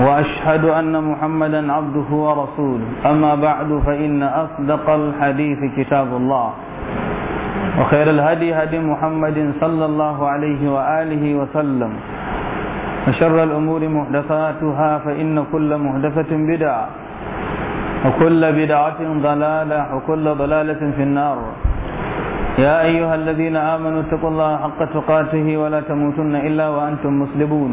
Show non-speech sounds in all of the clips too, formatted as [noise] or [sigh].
واشهد ان محمدا عبده ورسوله اما بعد فان اصدق الحديث كتاب الله وخير الهدي هدي محمد صلى الله عليه واله وسلم وشر الامور محدثاتها فان كل محدثه بدعه وكل بدعه ضلاله وكل ضلاله في النار يا ايها الذين امنوا اتقوا الله حق تقاته ولا تموتن الا وانتم مسلمون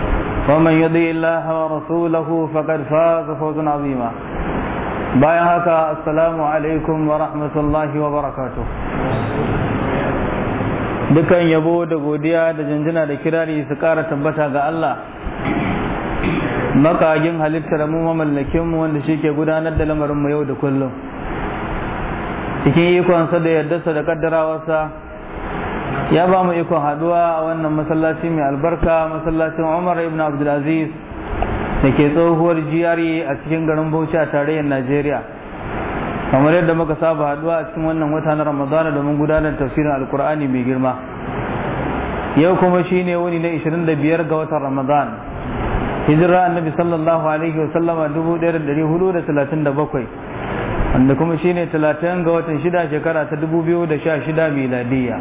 ومن يطع الله ورسوله فقد فاز فوزا عظيما bayan haka assalamu alaikum wa rahmatullahi wa dukan yabo da godiya da janjina da kirari su kara tabbata ga Allah makagin halittar mu mamallakin mu wanda shi ke gudanar da lamarin mu yau da kullum cikin ikonsa da yardarsa da kaddarawarsa ya ba mu ikon haduwa a wannan masallaci mai albarka masallacin umar ibn abdulaziz da ke tsohuwar jiyari e a cikin garin bauchi a tarayyar najeriya kamar yadda muka saba haduwa a cikin wannan wata na ramadana domin gudanar tafsirin alkur'ani mai girma yau kuma shine wani na 25 ga watan ramadan hijira annabi sallallahu alaihi wa sallama 1437 wanda kuma shine 30 ga watan 6 shekara ta 2016 miladiyya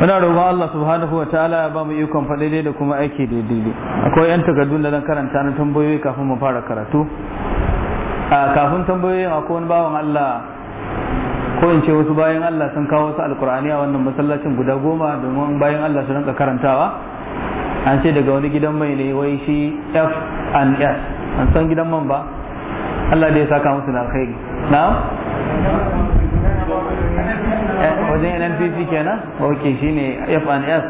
muna roƙon Allah subhanahu wa ta'ala ya ba mu ikon faɗaɗe da kuma aiki daidai akwai 'yan takardun da zan karanta na tambayoyi kafin mu fara karatu a kafin tambayoyin akwai wani bawan Allah ko in ce wasu bayan Allah sun kawo wasu alkur'ani a wannan masallacin guda goma domin bayan Allah su rinka karantawa an ce daga wani gidan mai ne wai shi F and S an san gidan man ba Allah da ya saka musu da alkhairi na'am Eh, wajen NNPC kenan ok ne FNS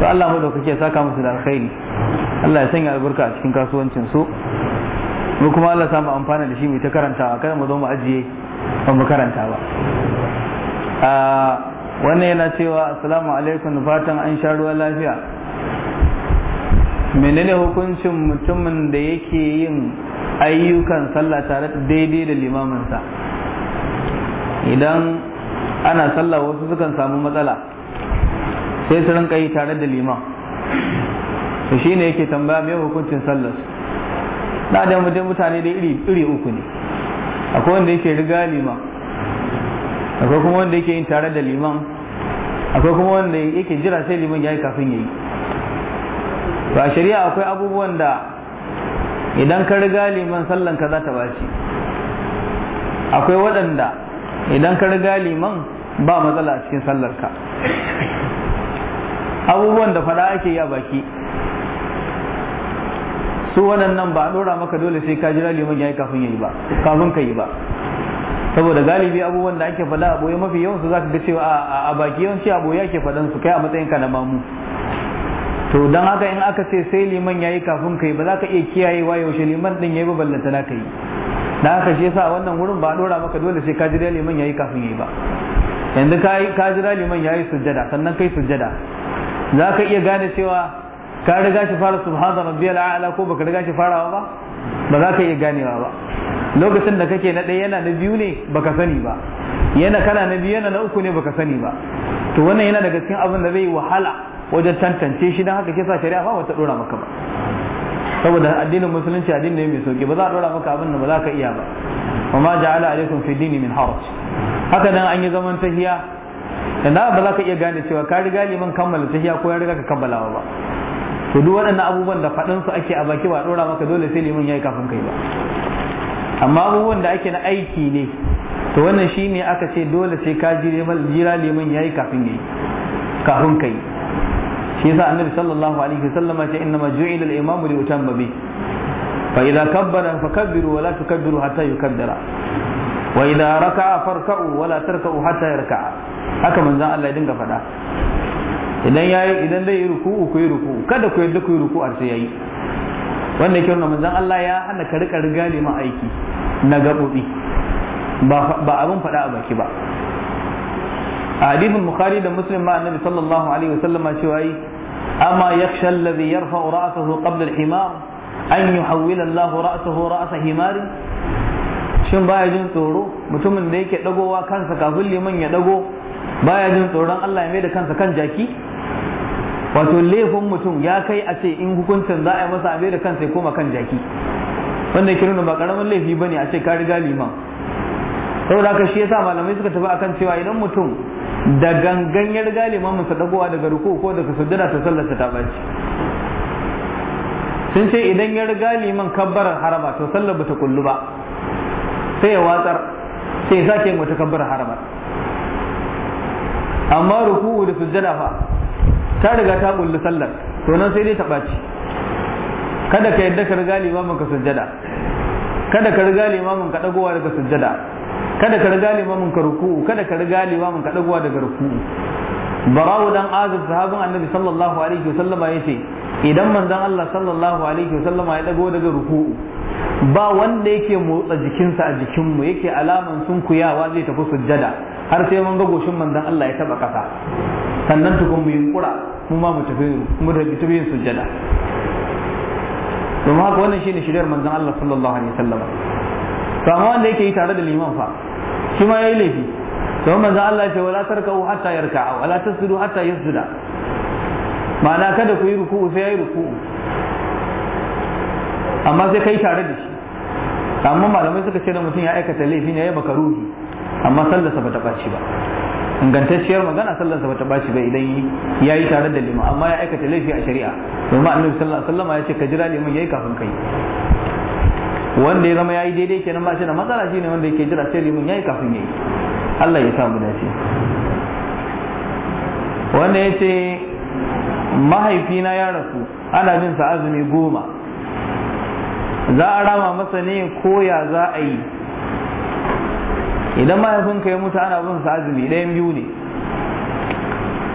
to Allah mu da kake saka musu da alkhairi Allah ya sanya albarka a cikin kasuwancin su mu kuma Allah samu amfana da shi mai ta karantawa kada mu zo mu ajiye ba mu karanta ba ah, wannan yana cewa assalamu alaikum fatan an sha ruwan lafiya menene hukuncin mutumin da yake yin ayyukan sallah tare daidai da limaminsa idan ana sallah wasu sukan samu matsala sai su rinka yi tare da liman to shine yake tambaya me hukuncin sallar da da mutum mutane da iri iri uku ne akwai wanda yake riga liman akwai kuma wanda yake yin tare da liman akwai kuma wanda yake jira sai liman yayi kafin yayi ba shari'a akwai abubuwan da idan ka riga liman sallan ka za ta baci akwai waɗanda idan ka riga liman ba matsala a cikin sallarka abubuwan da fada ake yi a baki su waɗannan ba a ɗora maka dole sai ka jira liman ya yi kafin yi ba kafin ka yi ba saboda galibi abubuwan da ake faɗa a boye mafi yawansu za ka ga cewa a baki yawanci a boye ake faɗan su kai a matsayin ka na mamu to don haka in aka ce sai liman ya yi kafin ka yi ba za ka iya kiyayewa yaushe liman ɗin ya yi ba ballanta na ka yi da haka shi yasa a wannan wurin ba a ɗora maka dole sai ka jira liman ya yi kafin ya yi ba yanzu ka jira liman ya yi sujjada sannan kai sujjada za ka iya gane cewa ka riga shi fara wa rabbiyal a'la ko baka riga shi farawa ba ba za ka iya ganewa ba lokacin da kake na ɗaya yana na biyu ne baka sani ba yana kana na biyu yana na uku ne baka sani ba to wannan yana daga cikin abin da zai wahala wajen tantance shi don haka kisa shari'a ba wata dora maka ba saboda addinin musulunci addini ne mai sauki ba za a dora maka abin da ba za ka iya ba amma ja'ala alaikum fi dini min haraj haka nan an yi zaman tahiya da ba za ka iya gane cewa ka riga liman kammala tahiya ko ya riga ka kammalawa ba to duk waɗannan abubuwan da faɗin su ake a baki ba dora maka dole sai liman yayi kafin kai ba amma abubuwan da ake na aiki ne to wannan shine aka ce dole sai ka jira liman yayi kafin kai kafin kai shi yasa annabi sallallahu alaihi wasallama ce inna ma ju'ila al-imam li utamma bi fa idza kabbara fakabbiru wa la tukabbiru hatta yukabbira wa idza raka'a farka'u wa la tarka'u hatta yarka'a haka manzon Allah ya dinga faɗa idan yayi idan zai yi ruku'u ku yi ruku'u kada ku yadda ku yi ruku'u sai yayi wanda yake nuna manzon Allah ya hana ka rika riga ne ma aiki na gabobi ba abun faɗa a baki ba a hadisin bukhari da muslim ma annabi sallallahu alaihi wa wasallama cewa yi amma yakhsha alladhi yarfa'u ra'sahu qabla al-himar an yuhawwila Allah ra'sahu ra'sa himari shin baya jin tsoro mutumin da yake dagowa kansa kafin liman ya dago baya jin tsoron Allah ya mai da kansa kan jaki wato laifin mutum ya kai a ce in hukuncin za a yi masa a abe da kansa ya koma kan jaki wanda ya nuna ba karamin laifi ba ne a ce ka riga liman saboda haka shi yasa malamai suka tafi akan cewa idan mutum da gangan ya riga limamin sa dagowa daga ruku ko daga sujjada ta sallar ta baci sun ce idan ya riga liman kabbarar haraba to sallar bata kullu ba sai ya watsar sai ya sake wata kabbarar haraba amma ruku da sujjada fa ta riga ta kullu sallar to nan sai dai ta baci kada ka yadda ka riga limamin ka sujjada kada ka riga limamin ka dagowa daga sujjada kada ka riga limamin ka ruku'u kada ka riga mun ka dagowa daga ruku'u barawu dan azib sahabin annabi sallallahu alaihi ya ce idan manzon Allah sallallahu alaihi wasallam ya dago daga ruku'u ba wanda yake motsa jikinsa a jikinmu yake alaman sunkuyawa zai tafi sujjada har sai mun ga goshin manzon Allah ya taba kasa sannan tukun mu yunkura mu ma mu tafi mu tafi yin sujjada Don haka wannan shine shiryar manzon Allah sallallahu alaihi wasallam to amma wanda yake yi tare da liman fa shi ma yayi laifi don manzo Allah ce wala tarka'u hatta yarka'a wala tasjudu hatta yasjuda ma'ana kada ku yi ruku'u sai yayi ruku'u amma sai kai tare da shi amma malamai suka ce da mutum ya aikata laifi ne ya makaruhi amma sallarsa bata ɓaci ba ingantacciyar magana sallarsa bata ɓaci ba idan ya yi tare da liman amma ya aikata laifi a shari'a domin annabi sallallahu alaihi wasallam ya ce ka jira liman yayi kafin kai wanda ya zama yayi daidai kenan ba shi da matsala shine wanda yake jira sai ya yi kafin ya yi Allah ya samu shi wanda ya ce mahaifina ya rasu ana bin sa azumi goma za a rama masa ne ko za a yi idan mahaifinka ya mutu ana bin sa azumi ɗayan biyu ne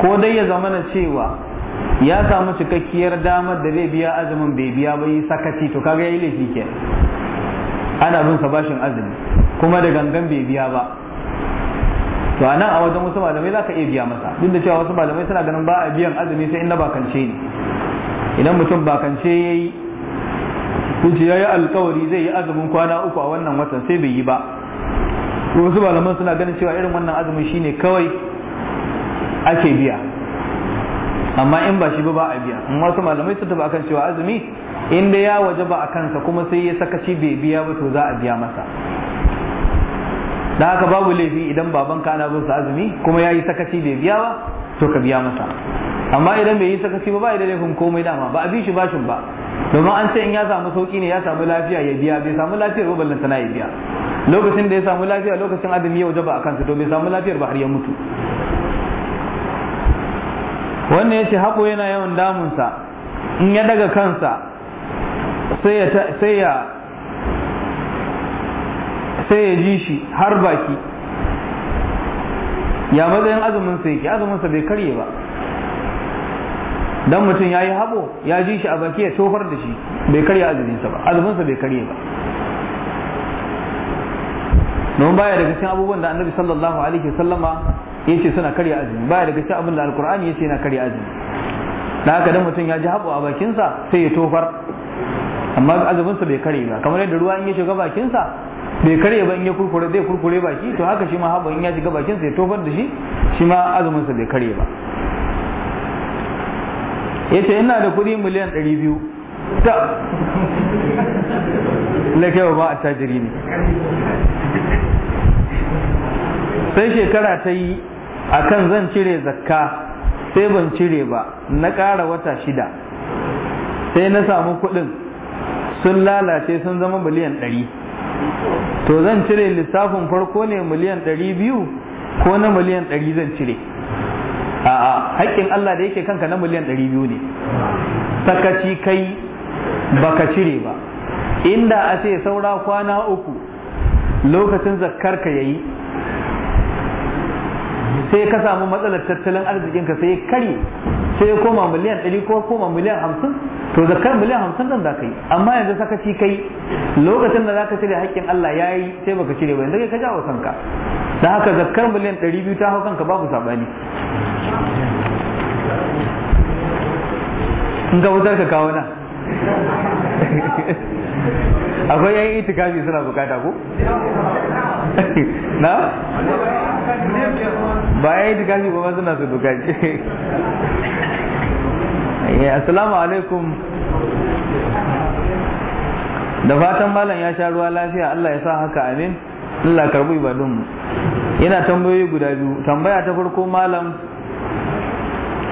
ko dai ya zama na cewa ya samu cikakkiyar damar da zai biya azumin bai biya ba yi sakaci to kaga yi laifi kenan ana bin sa bashin azumi kuma da gangan bai biya ba to anan a wajen wasu malamai za iya biya masa duk da cewa wasu malamai suna ganin ba a biyan azumi sai in na bakance ne idan mutum bakance ya yi yayi alkawari zai yi azumin kwana uku a wannan watan sai bai yi ba wasu malaman suna ganin cewa irin wannan azumin shine kawai ake biya amma in ba shi ba ba a biya amma su malamai su tafi akan cewa azumi in da ya waje ba a kansa kuma sai ya sakaci bai biya ba to za a biya masa da haka babu laifi idan baban ka ana bin sa azumi kuma ya yi sakaci bai biya ba to ka biya masa amma idan bai yi sakaci ba ba da laifin komai dama ba a bi shi bashin ba domin an ce in ya samu sauki ne ya samu lafiya ya biya bai samu lafiyar ba ballan na ya biya lokacin da ya samu lafiya lokacin azumi ya waje ba a kansa to bai samu lafiyar ba har ya mutu wannan ya ce haƙo yana yawan damunsa in ya daga kansa sai ya sai ya ji shi har baki ya matsayin azuminsa yake azuminsa bai karye ba dan mutum ya yi haɓo ya ji shi a baki ya tofar da shi bai karye azuminsa ba azuminsa bai karye ba don baya daga cikin abubuwan da annabi sallallahu alaihi wasallama yace suna karya azumi baya daga cikin abin da alkur'ani yace yana karya azumi da haka dan mutum ya ji habo a bakinsa sai ya tofar amma azuminsa bai kare ba kamar yadda ruwa in ya shiga bakinsa bai kare ba in ya kurkure zai kurkure baki to haka shi ma habo in ya shiga bakinsa ya tofar da shi shi ma azuminsa bai kare ba yace ina da kuɗi miliyan ɗari biyu ta lakewa ba a tajiri ne sai shekara ta yi akan zan cire zakka sai ban cire ba na ƙara wata shida sai na samu kuɗin sun lalace sun zama miliyan ɗari to zan cire lissafin farko ne miliyan ɗari biyu ko na miliyan ɗari zan cire a'a haƙƙin Allah da yake kanka na miliyan ɗari biyu ne sakaci kai baka cire ba inda a ce saura kwana uku lokacin zakkarka ka yayi sai ka samu matsalar tattalin arzikin ka sai kare sai ya koma miliyan ɗari ko koma miliyan hamsin to zakar miliyan hamsin nan za ka yi amma yanzu sakaci kai lokacin da za ka cire haƙƙin Allah ya yi sai baka cire ba yanzu kai ka jawo kanka da haka zakar miliyan ɗari biyu ta hau kanka babu sabani in ka wutar ka kawo na [laughs] akwai yayin itikafi suna bukata ko [laughs] na ba ya yi dukashi ba suna su dukashi eh, assalamu alaikum da fatan malam ya sha ruwa lafiya Allah ya sa haka amin Allah karbu ibadunmu yana tambayoyi guda biyu tambaya ta farko malam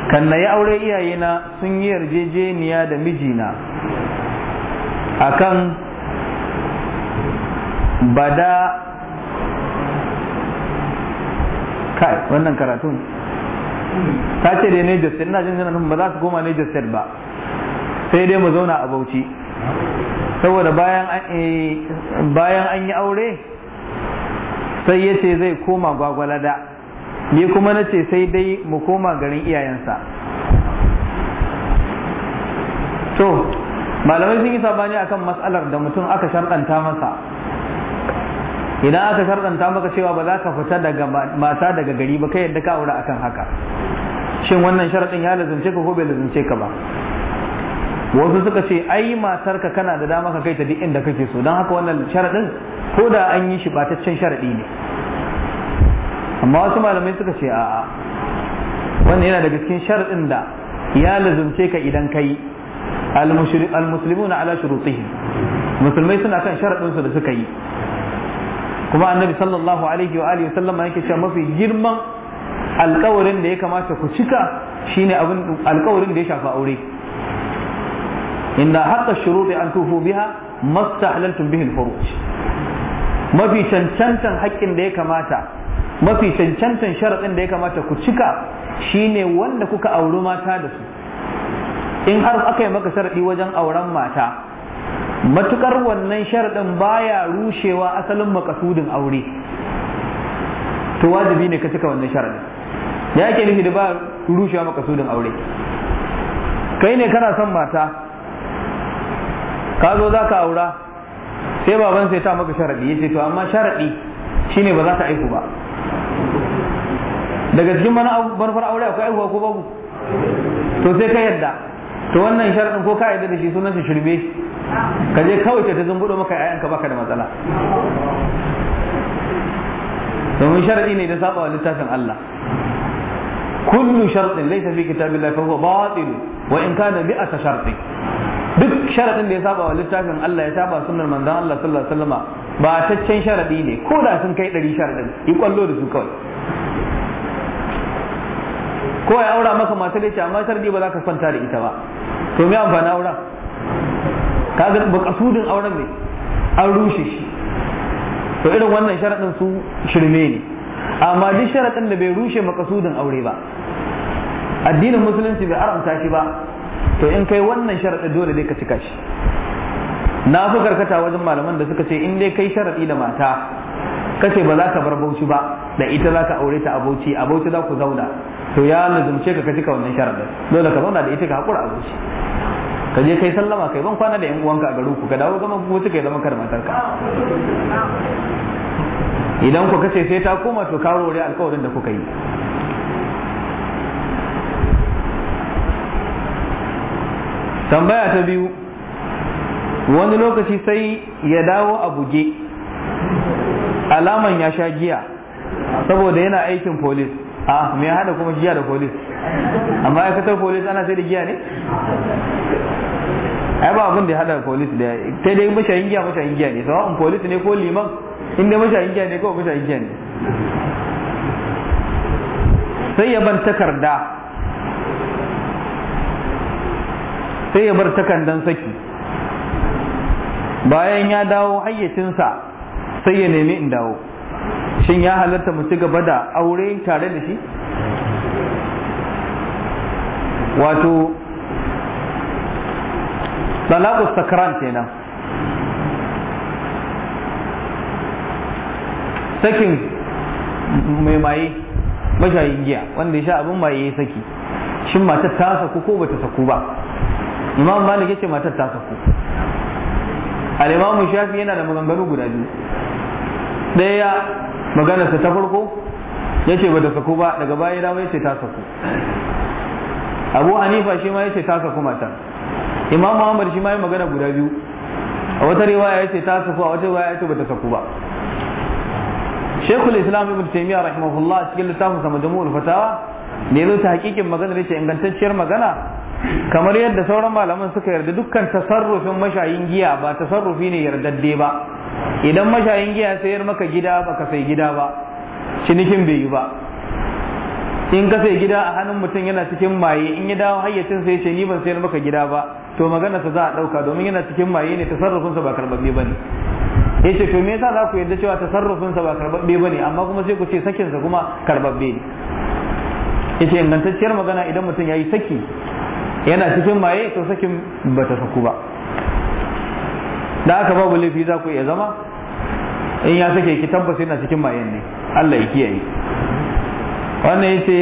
kan na yi aure iyayena sun yi yarjejeniya da mijina akan bada kai wannan karatun ta ce dai Niger State ina jin jana ba za su goma Niger State ba sai dai mu zauna a Bauchi saboda eh, bayan an yi aure sai ya ce zai koma gwagwalada ni kuma na ce sai dai mu koma garin iyayensa to malamai sun yi sabani akan matsalar da mutum aka sharɗanta masa idan aka sharɗanta maka cewa ba za ka fita daga mata daga gari ba kai yadda ka aure akan haka shin wannan sharaɗin ya lazance ka ko bai lazance ka ba wasu suka ce ai matarka kana da dama ka kai ta duk inda kake so don haka wannan sharaɗin ko da an yi shi bataccen sharaɗi ne amma wasu malamai suka ce a'a wannan yana daga cikin sharaɗin da ya lazance ka idan ka yi al-musulmi almuslimuna ala shurutihim musulmai suna kan sharaɗin su da suka yi kuma annabi sallallahu alaihi wa alihi sallama yake cewa mafi girman alƙawarin da ya kamata ku cika shine abin alƙawarin da ya shafa aure inna haqqa shuruɗi an tufu biha mastahlaltum bihi al-furuj mafi cancantan haƙƙin da ya kamata mafi cancantan sharaɗin da ya kamata ku cika shine wanda kuka auri mata da su in har aka yi maka sharaɗi wajen auren mata matukar wannan sharɗin baya rushewa asalin makasudin aure to wajibi ne ka cika wannan sharɗin ya ke nufi da ba rushewa makasudin aure kai ne kana son mata ka zo za ka aura sai baban sai ta maka sharaɗi ya ce to amma sharaɗi shine ba za ta aiku ba daga cikin manufar aure akwai aihuwa ko babu to sai ka yadda to wannan sharaɗin ko ka yadda da shi sunan shi shirme ka je kawai ta zumbudo maka yayanka baka da matsala domin sharadi ne da saba wa littafin Allah kullu sharadin laysa fi kitabillahi fa huwa batil wa in kana mi'ata sharadin duk sharadin da ya saba wa littafin Allah ya saba sunnar manzon Allah sallallahu alaihi wasallama ba taccen sharadi ne ko da sun kai 100 sharadin yi kwallo da su kawai ko ya aura maka matar ya ce amma sharadi ba za ka kwanta da ita ba to me amfani aura kaga kasudin auren ne an rushe shi to irin wannan sharaɗin su shirme ne amma duk sharaɗin da bai rushe makasudin aure ba addinin musulunci bai haramta shi ba to in kai wannan sharaɗin dole dai ka cika shi na fi karkata wajen malaman da suka ce in dai kai sharaɗi da mata kace ba za ka bar bauchi ba da ita za ka aure ta a bauchi za ku zauna to ya lazumce ka ka cika wannan sharaɗin dole ka zauna da ita ka haƙura a ka je kai sallama kai ban kwana da yan uwanka a garin ku ka dawo gama ku wuce kai zama kar matarka idan ku kace sai ta koma to ka rore alkawarin da kuka yi tambaya ta biyu wani lokaci sai ya dawo a buge alaman ya sha giya saboda yana aikin polis a mai hada kuma giya da polis amma aikatar polis ana sai da giya ne ai ba abin da ya hada polis da ta dai mashayin giya mashayin giya ne sawa'un polis ne ko liman inda mashayin giya ne ko mashayin giya ne sai ya bar takarda sai ya bar takardan saki bayan ya dawo hayyacinsa sai ya nemi in dawo shin ya halatta mu ci gaba da aure tare da shi wato talaku sakran kenan sakin mai maye mashayin giya wanda ya sha abin maye ya saki shin matar ta saku ko bata saku ba imam malik yace matar ta saku al-imam shafi yana da maganganu guda biyu daya maganarsa ta farko yace bata saku ba daga baya ya dawo ta saku abu hanifa shi ma yace ta saku matar imam muhammad shi ma yi magana guda biyu a wata riwaya ce ta saku a wata riwaya yace bata saku ba shekul islam ibn taymiya rahimahullah cikin littafin sa majmu'ul fatawa ne zo ta hakikin magana ce ingantacciyar magana kamar yadda sauran malaman suka yarda dukkan tasarrufin mashayin giya ba tasarrufi ne yardadde ba idan mashayin giya sayar maka gida baka sai gida ba cinikin bai yi ba in ka sai gida a hannun mutum yana cikin maye in ya dawo hayyacin sai ce ni ban sayar maka gida ba to maganarsa za a ɗauka domin yana cikin maye ne tasarrufinsa ba karɓaɓɓe ba ne ya ce to me yasa za ku yarda cewa sa ba karbabbe ba ne amma kuma sai ku ce sakinsa kuma karbabbe ne ya ce ingantacciyar magana idan mutum ya yi saki yana cikin maye to sakin ba ta saku ba da aka babu laifi za ku iya zama in ya sake ki tabbas yana cikin mayen ne Allah ya kiyaye wannan yace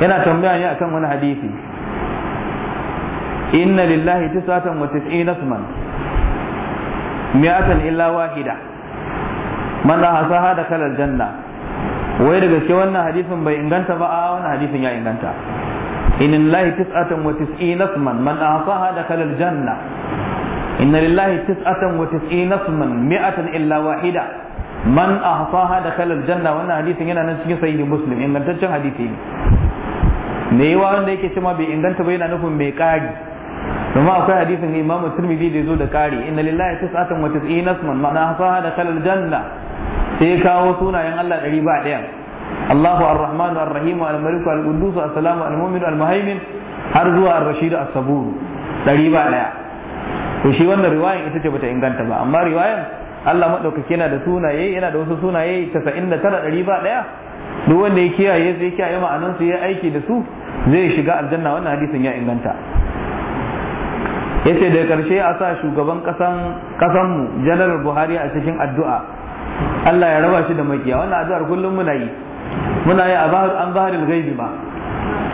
yana tambaya ne akan wani hadisi inna lillahi tisatan wa tis'ina isman mi'atan illa wahida man la hasaha da kalal janna wai da gaske wannan hadisin bai inganta ba a wannan hadisin ya inganta inna lillahi tisatan wa tis'ina isman man la hasaha da kalal janna inna lillahi tisatan wa tis'ina isman mi'atan illa wahida man ahsaha da kalal janna wannan hadisin yana nan cikin sahihi muslim ingantaccen hadisi ne me yawa wanda yake cewa bai inganta ba yana nufin mai kari kuma akwai hadisin imamu tirmidhi da zo da kare. inna lillahi tis'atan wa tis'ina isman man ahsaha da kalal janna sai kawo sunayen Allah ɗari ba ɗaya Allahu ar-Rahmanu ar-Rahim al-Malik al-Quddus as al-Mu'min al-Muhaymin har zuwa ar-Rashid as-Sabur ɗari ba ɗaya to shi wannan riwayan ita ce bata inganta ba amma riwayan Allah madaukaki yana da sunaye yana da wasu sunaye 99 ɗari ba ɗaya duk wanda ya kiyaye sai kiyaye ma'anansu ya aiki da su zai shiga aljanna wannan hadisin ya inganta yace da karshe a sa shugaban kasan kasanmu janar buhari a cikin addu'a Allah ya raba shi da makiya wannan addu'ar kullum muna yi muna yi a an zaharil gaibi ba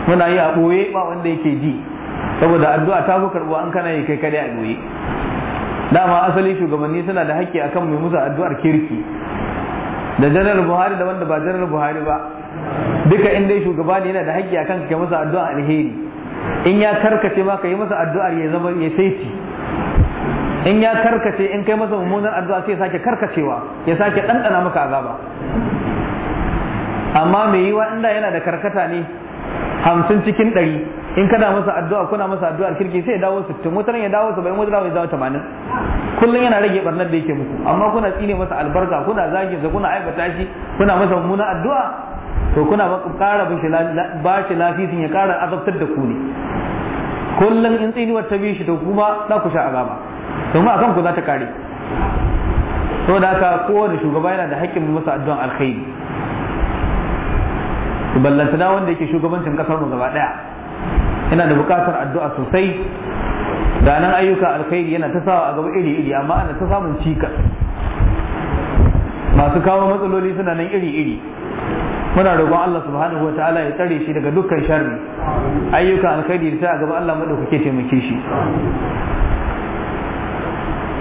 muna yi a ɓoye ba wanda yake ji saboda addu'a ta fi karɓo an kana yi kai kare a ɓoye dama asali shugabanni suna da hakki akan mai musu addu'ar kirki da janar buhari da wanda ba janar buhari ba duka inda shugaba ne yana da hakki akan kai musu addu'a alheri in ya karkace ma ka yi masa addu'ar ya zama ya saiti in ya karkace in kai masa mummunar addu'a sai ya sake karkacewa ya sake ɗanɗana maka azaba amma mai yiwa inda yana da karkata ne hamsin cikin ɗari in kana masa addu'a kuna masa addu'ar kirki sai ya dawo sittin wutar ya dawo saba'in wata ya dawo tamanin kullum yana rage barnar da yake muku amma kuna tsine masa albarka kuna zagin sa kuna aibata shi kuna masa mummunar addu'a to kuna ƙara ba shi lafisin ya ƙara azabtar da ku ne kullum in tsiniwar ta bi shi to kuma za ku sha azaba domin a ku za ta kare to da haka kowane shugaba yana da haƙƙin masa addu'an alkhairi na wanda yake shugabancin ƙasar mu gaba ɗaya. yana da buƙatar addu'a sosai da nan ayyuka alkhairi yana ta sawa a gaba iri iri amma ana ta samun cikas masu kawo matsaloli suna nan iri iri muna roƙon Allah subhanahu wa ta'ala ya tsare shi daga dukkan sharri ayyuka alkhairi da ta gaba Allah madaukake taimake shi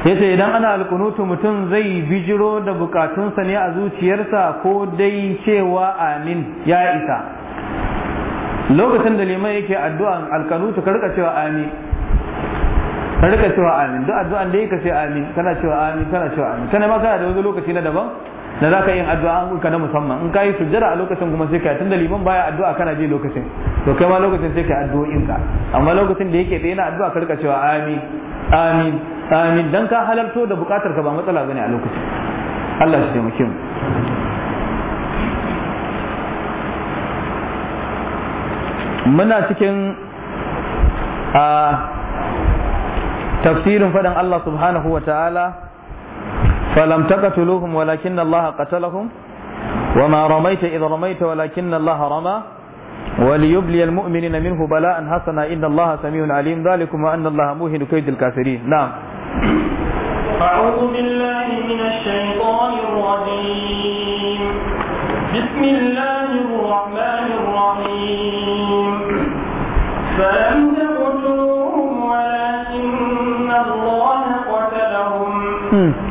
yace idan ana alkunutu mutum zai bijiro da bukatunsa ne a zuciyarsa ko dai cewa amin ya isa lokacin da liman yake addu'an alkunutu ka rika cewa amin ka rika cewa amin duk addu'an da yake ce amin kana cewa amin kana cewa amin kana ma kana da wani lokaci na daban na za ka yi addu'a an ka na musamman in ka yi sujjada a lokacin kuma sai kai tunda liman baya addu'a kana ji lokacin to kai ma lokacin sai kai addu'o'in ka amma lokacin da yake tsaye na addu'a karka cewa amin amin amin dan ka halarto da bukatar ka ba matsala bane a lokacin Allah shi taimake mu muna cikin a tafsirin faɗin Allah subhanahu wa ta'ala فلم تقتلوهم ولكن الله قتلهم وما رميت إذ رميت ولكن الله رمى وليبلي المؤمنين منه بلاء حسنا إن الله سميع عليم ذلكم وأن الله موهن كيد الكافرين نعم أعوذ بالله من الشيطان الرجيم بسم الله الرحمن الرحيم فلم تقتلوهم ولكن الله قتلهم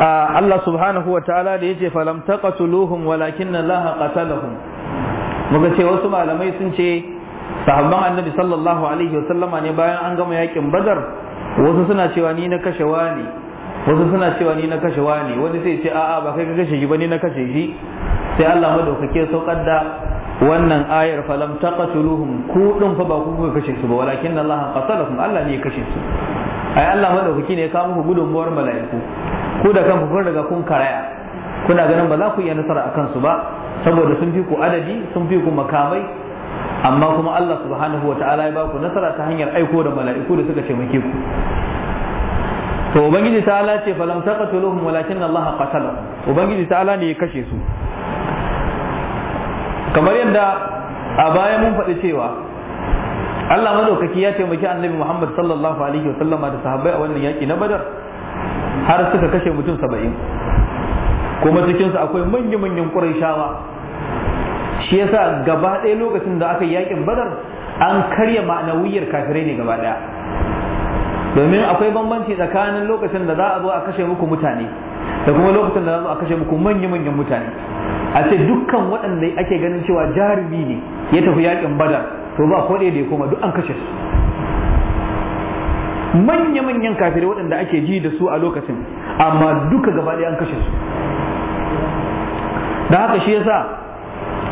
Allah subhanahu wa ta'ala da yace falam taqatuluhum walakinna Allah qatalahum muka ce wasu malamai sun ce sahabban annabi sallallahu alaihi wasallama ne bayan an gama yakin badar wasu suna cewa ni na kashe wani wasu suna cewa ni na kashe wani wani sai ce a'a ba kai ka kashe shi ba ni na kashe shi sai Allah madaukake saukar da wannan ayar falam taqatuluhum ku din fa ba ku kuka kashe su ba walakinna Allah qatalahum Allah ne ya kashe su ai Allah madaukaki ne ya kawo muku gudunmuwar mala'iku ku da kanku kun riga kun karaya kuna ganin ba za ku iya nasara a kansu ba saboda sun fi ku adadi sun fi ku makamai amma kuma Allah subhanahu wa ta'ala ya ba ku nasara ta hanyar aiko da mala'iku da suka taimake ku to ubangiji ta'ala ce fa falam taqatuluhum walakin Allah qatalahum ubangiji ta'ala ne ya kashe su kamar yadda a baya mun faɗi cewa Allah madaukaki ya taimaki annabi Muhammad sallallahu alaihi wa sallama da sahabbai a wannan yaki na Badar har suka kashe mutum saba'in kuma cikinsu akwai manya-manyan ƙuraishawa shi yasa gaba ɗaya lokacin da aka yi yakin badar an karya ma'anawiyar kafirai ne gaba ɗaya domin akwai bambanci tsakanin lokacin da za a zo a kashe muku mutane da kuma lokacin da za a zo a kashe muku manya-manyan mutane a ce dukkan waɗanda ake ganin cewa jarumi ne ya tafi yakin badar to ba ko da ya koma duk an kashe su manya-manyan kafirai waɗanda ake ji da su a lokacin amma duka gaba ɗaya an kashe su da haka shi yasa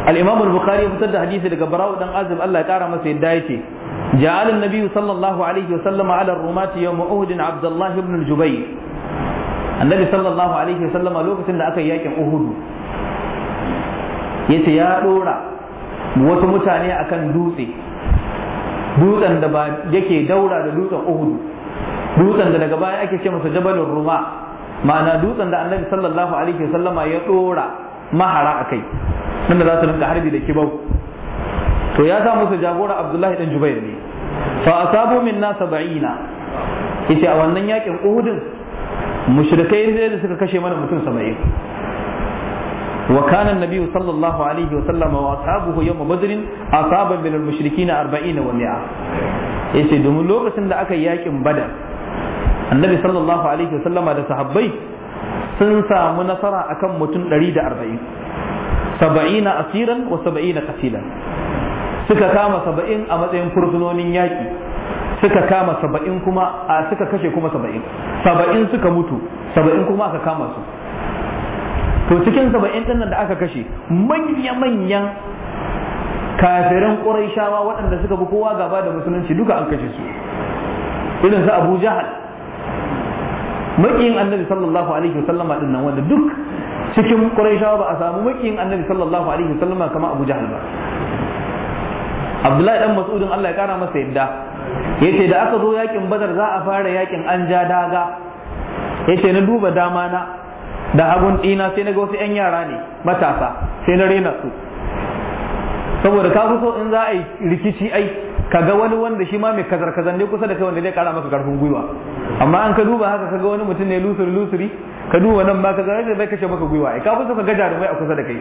al-Imam al-Bukhari ya fitar da hadisi daga Bara'u dan Azib Allah ya kara masa yadda yake alaihi wa صلى الله عليه rumati yawm uhud Ibn أهد عبد الله بن الجبير النبي صلى الله lokacin da aka yi ياكم uhud yace ya dora wasu mutane akan dutse dutsen da ba yake daura da dutsen Uhud dutsen da daga baya ake ce masa jabalin ruma ma'ana dutsen da annabi sallallahu alaihi wasallama ya dora mahara a kai wanda za su rinka harbi da kibau to ya sa musu jagora abdullahi dan jubair ne fa asabu minna sab'ina yace a wannan yakin uhudin mushrikai ne da suka kashe mana mutum 70 wa kana annabi sallallahu alaihi wa sallama wa ashabuhu yawm badr asaban min al-mushrikeena 40 wa 100 yace domin lokacin da aka yakin badar annabi sallallahu alaihi wasallama da sahabbai sun samu nasara akan mutum 140 saba'ina asiran wa saba'ina kasilan suka kama saba'in a matsayin fursunonin yaƙi suka kama saba'in kuma a suka kashe kuma saba'in saba'in suka mutu saba'in kuma aka kama su to cikin saba'in ɗin da aka kashe manya-manyan kafirin ƙuraishawa waɗanda suka bi kowa gaba da musulunci duka an kashe su irin su abu jahal makiyin annabi sallallahu alaihi wasallam din nan wanda duk cikin quraishawa ba a samu makiyin annabi sallallahu alaihi sallama kamar Abu jahal ba Abdullahi dan Mas'udin Allah ya kara masa yadda yace da aka zo yakin Badar za a fara yakin an ja daga yace na duba dama na da hagun dina sai na ga wasu yan yara ne matasa sai na rena su saboda ka so in za a yi rikici ai kaga wani wanda shi ma mai kazar kazar ne kusa da kai wanda zai kara maka karfin gwiwa amma an ka duba haka kaga wani mutum ne lusuri lusuri ka duba nan ba ka zai bai kashe maka gwiwa ka kusa ka ga jarumai a kusa da kai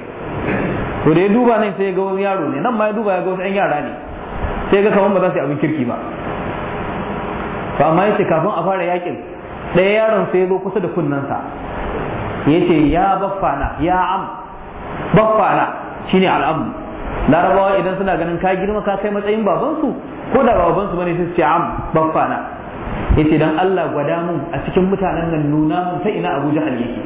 to da ya duba nan sai ya ga wani yaro ne nan ma ya duba ya ga wasu 'yan yara ne sai ga kamar ba za su yi abin kirki ba to amma yace kafin a fara yakin ɗaya yaron sai ya zo kusa da kunnensa ya ce ya baffana ya am baffana shine al'amu larabawa idan suna ganin ka girma ka kai matsayin babansu ko da babansu bane sai su ce am baffana yace dan Allah gwada mun a cikin mutanen nan nuna mun ta ina Abuja Jahal yake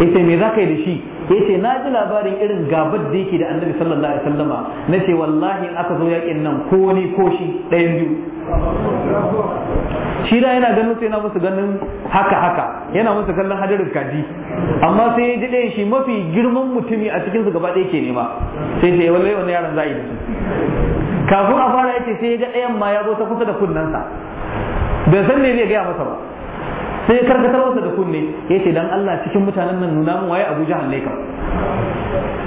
yace me zaka yi da shi yace na ji labarin irin gabar da yake da annabi sallallahu alaihi wasallama nace wallahi in aka zo yakin nan ko ni ko shi ɗayan biyu shi da yana ganin sai yana musu ganin haka haka yana musu kallon hadarin kaji amma sai ya ji ɗayan shi mafi girman mutumi a cikin su gaba ɗaya ke nema sai ce eh, wallahi wannan yaron za'i kafin a fara yace sai ya ga ɗayan ma ya zo ta kusa da kunnensa bai san ne zai gaya masa ba sai karkatar masa da kunne ya ce dan Allah cikin mutanen nan nuna mun waye Abu Jahal ne ka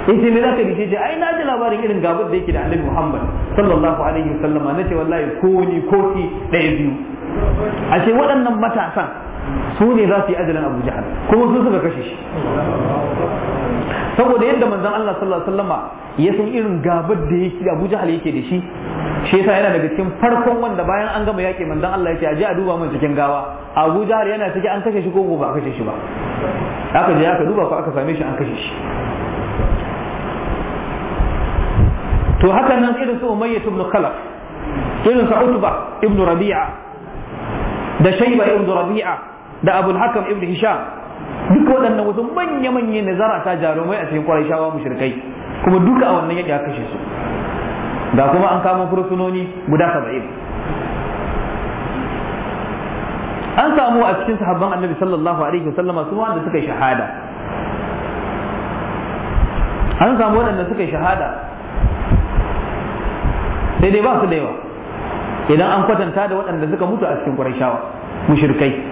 ne za zaka dace ce ai na ji labarin irin gabar da yake da Annabi Muhammad sallallahu alaihi wasallama ce wallahi ko ni ko ki daya biyu ce waɗannan matasan su ne za su yi ajalin Abu Jahal kuma su suka kashe shi saboda yadda manzon Allah sallallahu alaihi wasallama ya san irin gabar da yake Abu Jahal yake da shi shi yasa yana daga cikin farkon wanda bayan an gama yaƙi manzon Allah yake aje a duba mun cikin gawa Abu Jahal yana ciki an kashe shi ko ba a kashe shi ba aka je aka duba ko aka same shi an kashe shi to haka nan irin su Umayyah ibn Khalaf irin su Utba ibn Rabi'a da Shayba ibn Rabi'a da Abu Hakam ibn Hisham duk waɗannan wasu manya-manya na zarata jarumai a cikin kwarai shawa mushrikai kuma duka a wannan yadda ya kashe su ga kuma an kama fursunoni guda saba'in an samu a cikin sahabban annabi sallallahu alaihi wasallama su wanda suka yi shahada an samu waɗanda suka yi shahada sai dai ba su da yawa idan an kwatanta da waɗanda suka mutu a cikin kwarai shawar mushrikai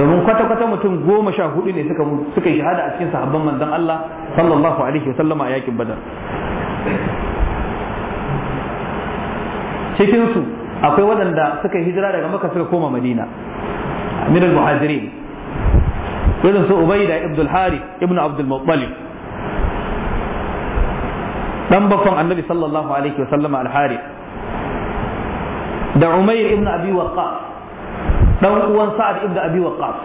domin kwata-kwata mutum goma sha hudu ne suka suka yi shahada a cikin sahabban manzon Allah sallallahu alaihi wa sallama a yakin badar cikin su akwai waɗanda suka hijira daga maka suka koma madina min al-muhajirin irin su ubaida ibn al-hari ibn abdul al-muttalib dan bakon annabi sallallahu alaihi wa sallama al-hari da umair ibn abi waqqas dan uwan sa'ad ibn abi waqqas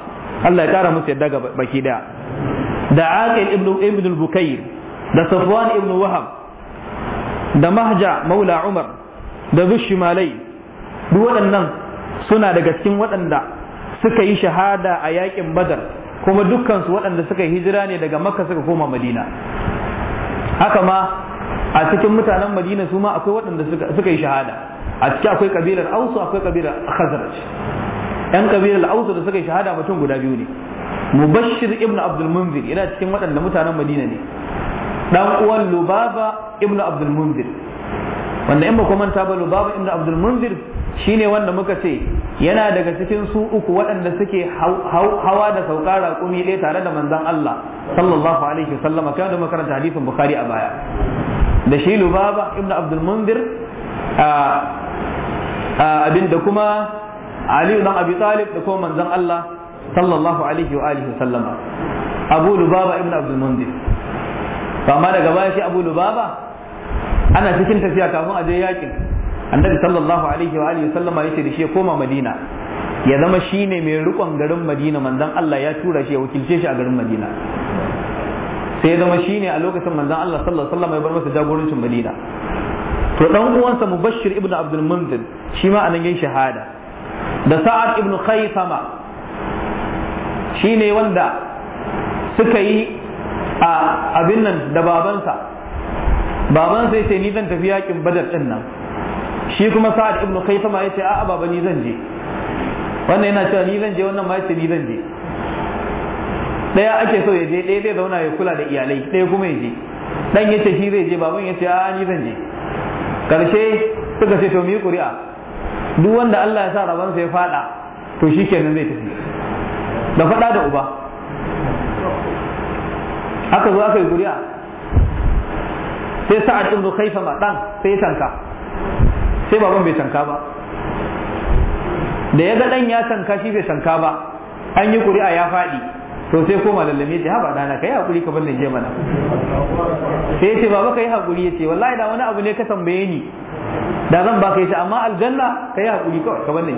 Allah ya kara musu yadda baki daya da aqil ibn ibn al-bukayr da safwan ibn wahab da mahja maula umar da bishmalai duk waɗannan suna daga cikin waɗanda suka yi shahada a yakin badar kuma dukkansu waɗanda suka yi hijira ne daga makka suka koma madina haka ma a cikin mutanen madina su ma akwai waɗanda suka yi shahada a ciki akwai kabilar ausu akwai kabilar khazraj yan kabilar al'ausu da suka yi shahada mutum guda biyu ne mubashir ibn abdul munzir yana cikin waɗanda mutanen madina ne dan uwan lubaba ibn abdul munzir wanda in ba ku manta ba lubaba ibn abdul munzir shine wanda muka ce yana daga cikin su uku waɗanda suke hawa da sauka raƙumi ɗaya tare da manzon Allah sallallahu alaihi wasallam kai da makaranta hadisin bukhari a baya da shi lubaba ibn abdul munzir abin da kuma aliyu dan abi talib da kuma manzon Allah sallallahu alaihi wa alihi sallama abu lubaba ibn abdul mundir to amma daga baya shi abu lubaba ana cikin tafiya kafin a je yakin annabi sallallahu alaihi wa alihi sallama yace da shi ya koma madina ya zama shine mai rikon garin madina manzon Allah ya tura shi ya wakilce shi a garin madina sai ya zama shine a lokacin manzon Allah sallallahu alaihi wasallam ya bar masa jagorancin madina to dan uwansa mubashir ibn abdul munzir shi ma anan yayin shahada da sa'ad ibn shi ne wanda suka yi a abin nan da babansa babansa ya ce ni zan tafi yakin badar din nan shi kuma sa'ad ibn ya ce a'a baba ni zan je wannan yana cewa ni zan je wannan ma ya ce ni zan je daya ake so ya je ɗaya zai zauna ya kula da iyalai ɗaya kuma ya je Ɗan ya ce, shi zai je baban ya ce a'a ni zan je karshe suka ce to mu yi ƙuri'a duk wanda Allah ya sa rabansa ya fada to shi kenan zai tafi da fada da uba aka zo aka yi guriya sai sa'ad ibn khaifa ma dan sai ya tanka sai baban bai tanka ba da ya ga dan ya tanka shi bai tanka ba an yi kuri'a ya faɗi to sai koma lallame ta haba dana kai hakuri ka bar je mana sai ya ce baba kai hakuri ya ce wallahi da wani abu ne ka tambaye ni da zan baka shi amma aljanna kai hakuri kawai ka bar ni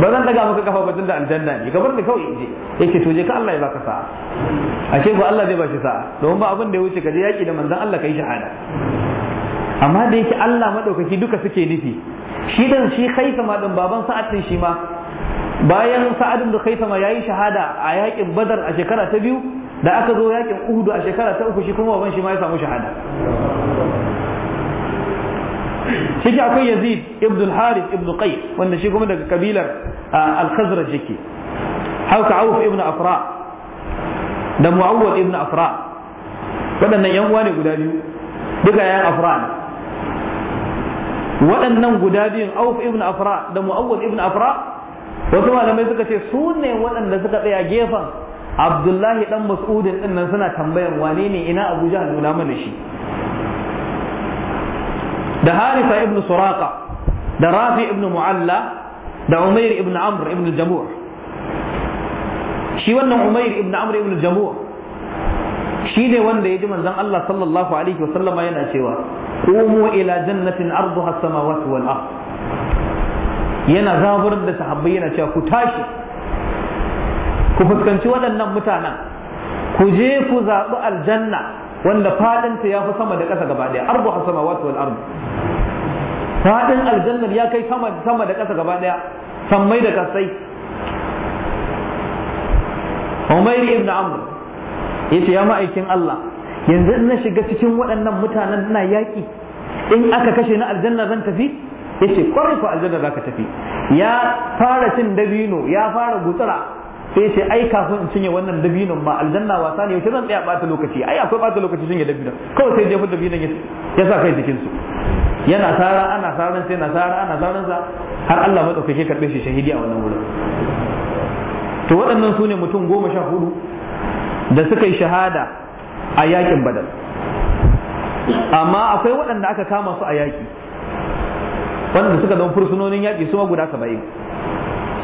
ba zan daga maka kafa ba da aljanna ne ka bar ni kawai je yake to je ka Allah ya baka sa'a a ce ko Allah zai shi sa'a domin ba abin da ya wuce ka je yaki da manzon Allah kai shahada amma da yake Allah madaukaki duka suke nufi shi dan shi ma dan baban sa'ad din shi ma bayan sa'ad da ma yayi shahada a yakin badar a shekara ta biyu da aka zo yakin uhud a shekara ta uku shi kuma baban shi ma ya samu shahada ciki akwai yazid ibn harith ibn qais wanda shi kuma daga kabilar al-khazraj yake hauka auf ibn afra da mu'awwal ibn afra waɗannan yan uwa ne guda biyu duka yan afra ne waɗannan guda biyun auf ibn afra da mu'awwal ibn afra wasu malamai suka ce su ne waɗanda suka tsaya gefen abdullahi dan mas'udin din nan suna tambayan wane ne ina Abuja jahal nuna mana shi da harisa ibn suraka da rafi ibn mu'alla da umair ibn amr ibn jamu' shi wannan umair ibn amr ibn jamu' shi ne wanda ya ji manzon Allah sallallahu alaihi wa sallama yana cewa qumu ila jannatin arduha as-samawati wal ard yana zabar da sahabbai yana cewa ku tashi ku fuskanci waɗannan mutanen ku je ku zaɓi aljanna wanda fadinta ya fi sama da ƙasa gaba ɗaya Arba ha sama wato wal arbu fadin aljannar ya kai sama da ƙasa gaba ɗaya sammai da kasai umairi ibn amr yace ya ma'aikin Allah yanzu in na shiga cikin waɗannan mutanen ina yaƙi in aka kashe na aljanna zan tafi ya yace kwarai ko za ka tafi ya fara cin dabino ya fara gutsura sai ce ai kafin in cinye wannan dabinon ma aljanna wasa ne yace zan tsaya bata lokaci ai akwai bata lokaci cinye dabinon kawai sai jefa dabinon ya sa kai jikin su yana tsara ana tsaran sai na tsara ana tsaran sa har Allah madaukake karbe shi shahidi a wannan wurin to waɗannan su ne mutum goma sha hudu da suka yi shahada a yakin badal amma akwai waɗanda aka kama su a yaki waɗanda suka zama fursunonin yaƙi su guda saba'in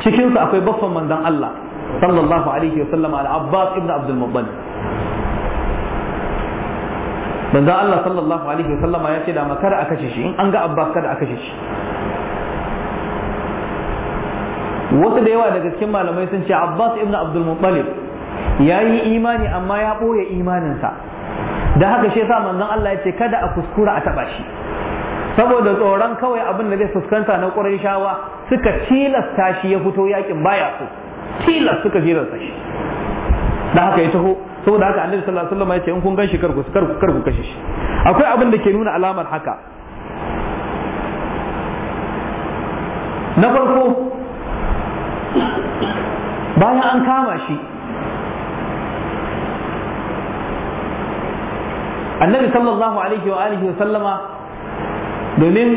cikinsu akwai baffan manzan Allah sallallahu alaihi wa sallam al Abbas ibn Abdul Muttalib manzo Allah sallallahu alaihi wa sallama ya ce da makar a kashe shi in an ga Abbas kada a kashe shi wasu da yawa daga cikin malamai sun ce Abbas ibn Abdul Muttalib ya yi imani amma ya ɓoye imaninsa da haka shi yasa manzon Allah ya ce kada a kuskura a taɓa shi saboda tsoron kawai abin da zai fuskanta na ƙurai shawa suka tilasta shi ya fito yakin baya so tilas suka da shi da haka ya taho saboda haka annabi sallallahu alaihi wasallam ya ce in kun ganshi ku kar ku kashe shi akwai abin da ke nuna alamar haka na farko bayan an kama shi annabi sallallahu alaihi wa alihi wa sallama domin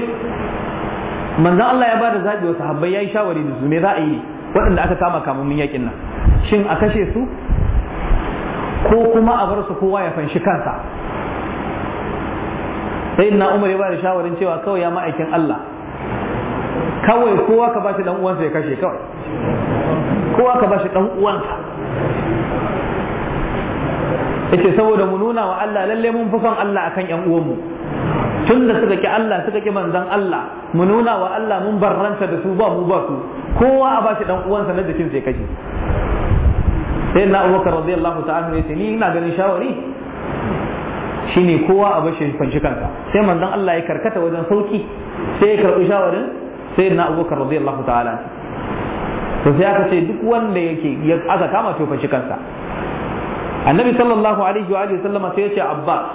manzon Allah ya bada zabi wa sahabbai yayi shawari da su me za a yi waɗanda aka kama kamun yakin nan shin a kashe su ko kuma a bar su kowa ya fanshi kansa sai na umar ya ba da shawarin cewa kawai ya ma'aikin Allah kawai kowa ka bashi dan uwansa ya kashe kawai kowa ka bashi dan uwansa yace saboda mu nuna wa Allah lalle mun fi son Allah akan yan uwanmu tun da suka ki Allah suka ki manzon Allah mu nuna wa Allah mun barranta da su ba mu ba su kowa a bashi dan uwansa na jikin sai kashe sai na abubakar radiyallahu ta'ala sai ni ina ganin shawari shine kowa a bashi kwanci kansa sai manzon Allah ya karkata wajen sauki sai ya karbi shawarin sai na abubakar radiyallahu ta'ala to sai aka ce duk wanda yake aka kama to kwanci kansa annabi sallallahu alaihi wa alihi sallama sai ya ce abbas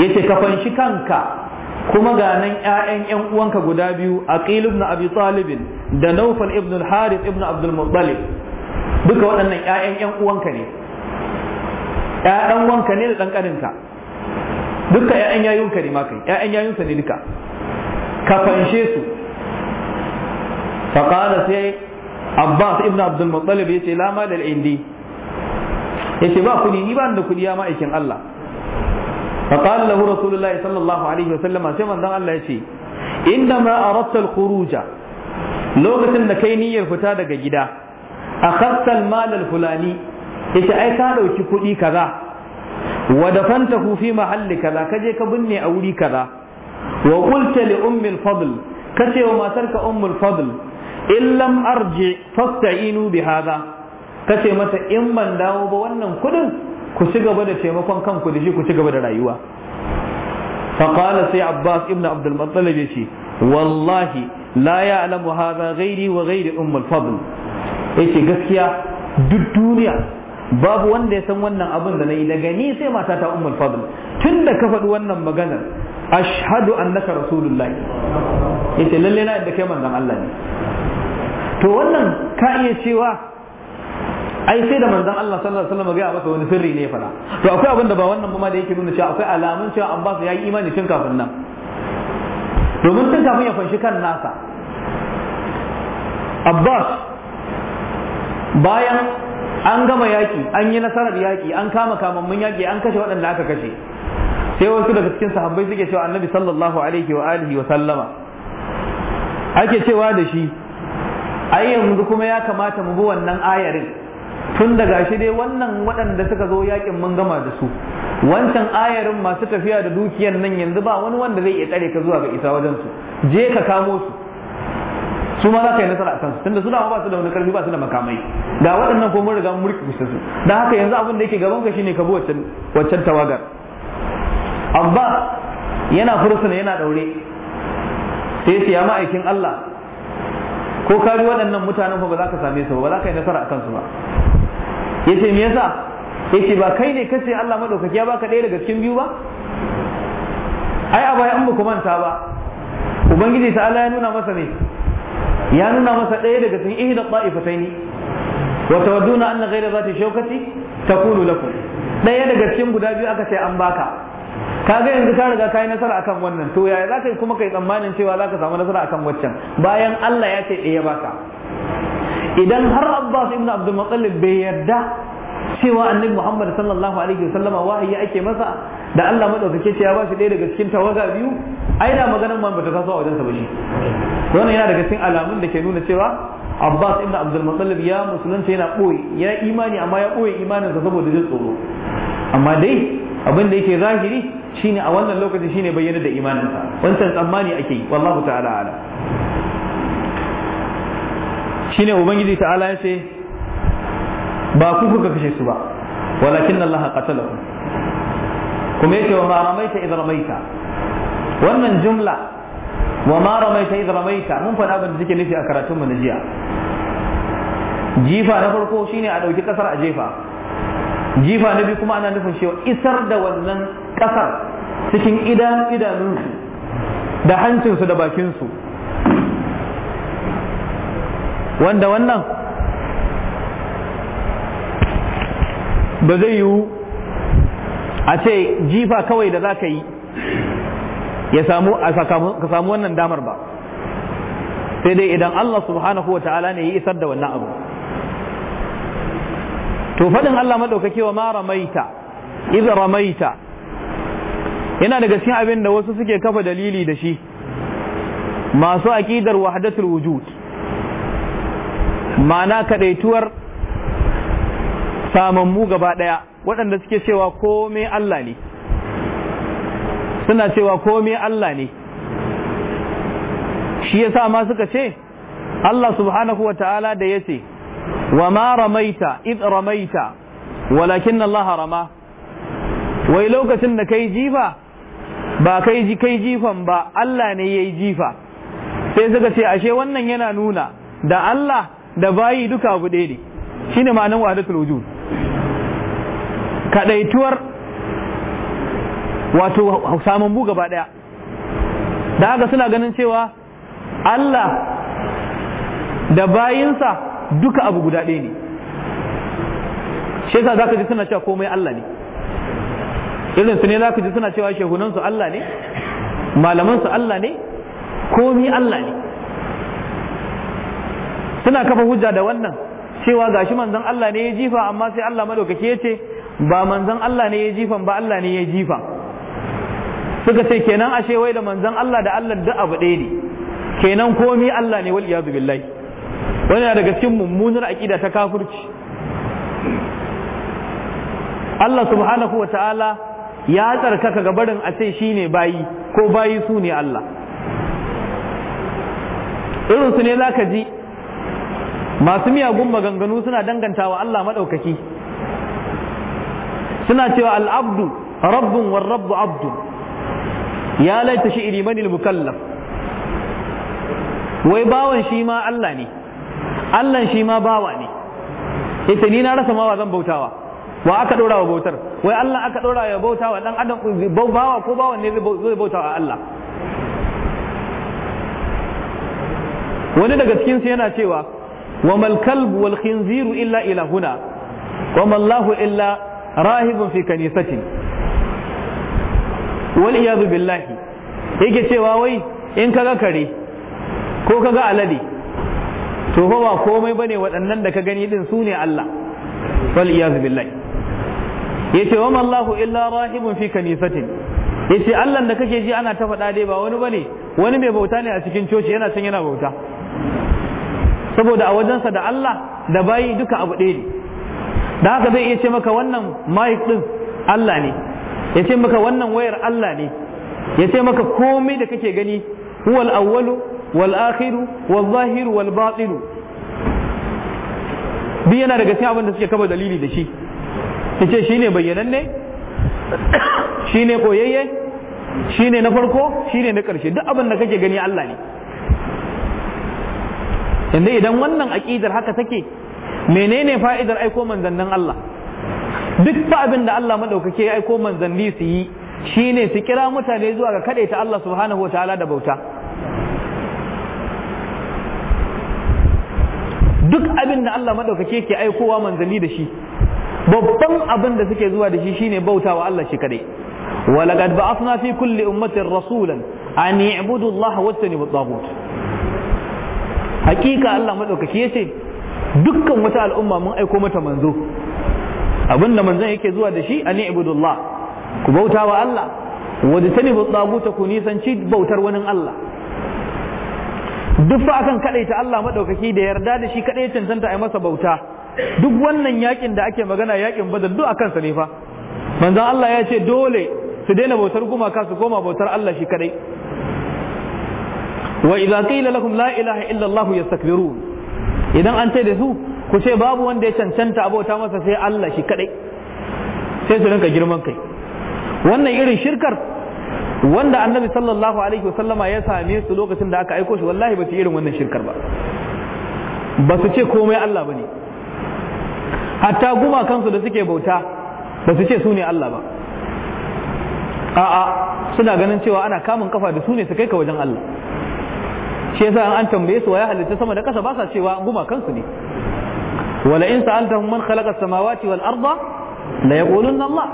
yace ka fanshi kanka kuma ga nan ƴaƴan ƴan uwanka guda biyu aqil ibn abi talib da nawfal ibn al-harith ibn abdul muttalib duka waɗannan ƴaƴan ƴan uwanka ne ƴaƴan uwanka ne da dan kaninka duka ƴaƴan yayunka ne ma kai ƴaƴan yayunsa ne duka ka fanshe su faqala sai abbas ibn abdul muttalib yace la ma dal indi yace ba kudi ni ba da kudi ya ma'aikin Allah فقال له رسول الله صلى الله عليه وسلم سيما دان الله يشي إنما da kai niyyar fita daga gida A al-mal fulani yace ai ka dauki kuɗi kaza wa fanta fi mahalli kaza kaje ka binne a wuri kaza wa qulta li fadl kace wa matarka ummu al-fadl in lam arji fasta'inu bi hadha kace mata in ban dawo ba wannan kuɗin ku ci gaba da taimakon kanku da shi ku ci gaba da rayuwa فقال سي عباس ابن عبد Wallahi. يشي والله لا يعلم wa غيري وغير أم الفضل يشي gaskiya duk duniya babu wanda ya san wannan abin da na yi daga ni sai mata ta Umar fadl tun da ka faɗi wannan maganar ashhadu annaka rasulullahi yace lalle na da kai manzon Allah ne to wannan ka iya cewa ai sai da manzon Allah sallallahu alaihi wasallam ga masa wani sirri ne ya fada to akwai abin da ba wannan ba ma da yake nuna cewa akwai alamun cewa an ba su yayi imani tun kafin nan domin tun kafin ya fanshi kan nasa Abbas bayan an gama yaki an yi nasarar yaki an kama kamammun yaki an kashe waɗanda aka kashe sai wasu daga cikin sahabbai suke cewa annabi sallallahu alaihi wa alihi wa sallama ake cewa da shi ai yanzu kuma ya kamata mu bi wannan ayarin tun da gashi dai wannan waɗanda suka zo yakin mun gama da su wancan ayarin masu tafiya da dukiyar nan yanzu ba wani wanda zai iya tsare ka zuwa ga isa wajen su je ka kamo su su ma za ka yi nasara a kansu tunda suna ba su da wani karfi ba su da makamai ga waɗannan ko mun riga mun murki su dan haka yanzu abin da yake gaban ka shine ka bi waccan waccan tawagar abba yana fursuna yana daure sai ya ma'aikin Allah ko ka bi waɗannan mutanen ba za ka same su ba ba za ka yi nasara a kansu ba yace me yasa yace ba kai ne kace Allah madaukaki ya baka ɗaya daga cikin biyu ba ai a baya an ba manta ba ubangiji ta Allah ya nuna masa ne ya nuna masa ɗaya daga cikin ihda ta'ifataini wa tawadduna anna ghayra zati shawkati taqulu lakum ɗaya daga cikin guda biyu aka ce an baka kaga yanzu ka riga kai nasara akan wannan to yaya zaka kuma kai tsammanin cewa zaka samu nasara akan waccan bayan Allah ya ce ya baka idan har abbas ibn abdul muttalib bai yarda cewa annabi muhammad sallallahu alaihi wasallama wahayi ake masa da Allah madaukake ce ya ba shi ɗaya daga cikin tawaga biyu ai da maganar ma bata taso a wajensa ba shi wannan yana daga cikin alamun da ke nuna cewa Abbas ibn Abdul Muttalib ya musulunta yana boye ya imani amma ya boye imaninsa saboda jin tsoro amma dai abin da yake zahiri shine a wannan lokacin shine bayyana da imaninsa wancan tsammani ake yi wallahu ta'ala ala shine ubangiji ta'ala ya ce ba ku kuka kashe su ba walakin Allah qatalahu kuma yace wa ma ramaita idh ramaita wannan jumla wa ma ramaita idh ramaita mun faɗa abin da take nufi a karatun mu jiya jifa na farko shine a ɗauki ƙasar a jefa jifa na biyu kuma ana nufin cewa isar da wannan ƙasar cikin idan idanunsu da hancinsu da bakinsu wanda wannan ba zai yiwu a ce jifa kawai da za ka yi ya samu ka samu wannan damar ba sai dai idan Allah subhanahu wa ta'ala ne ya isar da wannan abu to faɗin Allah maɗaukaki wa ma ramaita iza ramaita yana daga cikin abin da wasu suke kafa dalili da shi masu aƙidar wahadatul wujud ma'ana kadaituwar samammu gaba daya waɗanda suke cewa komai Allah ne suna cewa komai Allah ne shi ya sa ma suka ce Allah subhanahu wa ta'ala da ya ce wa ma ramaita id ramaita walakin Allah rama wai lokacin da kai jifa ba kai ji kai jifan ba Allah ne yayi jifa sai suka ce ashe wannan yana nuna da Allah da bayi duka abu ɗaya ne shine ma'anar wahdatul wujud kadaituwar wato samun bu gaba ɗaya da haka suna ganin cewa Allah da bayinsa duka abu guda ɗaya ne shekara za ka ji suna cewa komai Allah ne irin su ne za ka ji suna cewa shehunansu Allah ne malamansu Allah ne komi Allah ne suna kafa hujja da wannan cewa gashi manzon Allah ne ya jifa amma sai Allah madaukake yace ce ba manzon Allah ne ya jifan ba Allah ne ya jifa suka ce kenan ashe wai da manzon Allah da Allah duk abu ɗaya ne kenan komi Allah ne wal iyazu billahi wani daga cikin mummunar aqida ta kafirci Allah subhanahu wa ta'ala ya tsarkaka ga barin a ce shi ne bayi ko bayi su ne Allah irinsu ne za ka ji masu miyagun maganganu suna danganta wa Allah maɗaukaki suna cewa al'abdu rabbun war rabbu abdu ya laita shi iri manil mukallaf wai bawan shi ma Allah ne Allah shi ma bawa ne ita ni na rasa ma zan bautawa wa aka ɗora wa bautar wai Allah aka ɗora ya bautawa dan adam bawa ko bawan ne zai bautawa Allah wani daga cikinsu yana cewa وما الكلب والخنزير إلا إلى هنا وما الله إلا راهب في كنيسة والعياذ بالله yake cewa wai in kaga kare ko kaga alade to fa ba komai bane waɗannan da ka gani din su ne Allah wal iyaz billahi yace wa Allahu illa rahibun fi kanisatin yace Allah da kake ji ana ta faɗa dai ba wani wani mai bauta ne a cikin coci yana can yana bauta saboda a wajensa da Allah da bayi duka abu ɗaya ne da haka zai iya ce maka wannan mic ɗin Allah ne ya ce maka wannan wayar Allah ne ya ce maka komai da kake gani huwal awwalu wal akhiru wal zahiru wal batinu duk yana daga cikin abin da suke kaba dalili da shi ya ce shine bayyananne shine koyayye shine na farko shine na ƙarshe duk abin da kake gani Allah ne yanzu idan wannan aƙidar haka take menene fa'idar aiko manzannin Allah duk fa abin da Allah maɗaukake ya aiko manzanni su yi shine su kira mutane zuwa ga ta Allah subhanahu wa ta'ala da bauta duk abin da Allah maɗaukake ke aikowa manzanni da shi babban abin da suke zuwa da shi shine bautawa Allah shi kadai ولقد بعثنا في كل أمة رسولا أن يعبدوا الله واجتنبوا الطاغوت hakika Allah ya yace dukkan wata al'umma mun aiko mata manzo abinda manzon yake zuwa da shi ani ibudullah ku bauta wa Allah wadda tani tsaguta ku nisanci bautar wani Allah duk fa akan kaɗaita Allah maɗaukaki da yarda da shi kaɗai cancanta a masa bauta duk wannan yakin da ake magana yakin badar duk akan sa ne fa manzon Allah ya ce dole su daina bautar gumaka su koma bautar Allah shi kaɗai. wa idza qila lahum la ilaha illa Allah yastakbirun idan an ce da su ku ce babu wanda ya cancanta abota masa sai Allah shi kadai sai su rinka girman kai wannan irin shirkar wanda annabi sallallahu alaihi wasallama ya same su lokacin da aka aiko shi wallahi ba su irin wannan shirkar ba ba su ce komai Allah ba ne hatta kansu da suke bauta ba su ce su ne Allah ba a'a suna ganin cewa ana kamun kafa da su ne su kai ka wajen Allah shi yasa an tambaye su ya halitta sama da ƙasa ba sa cewa gumakan kansu ne wala in sa'altahum man khalaqa samawati wal arda la yaqulunna Allah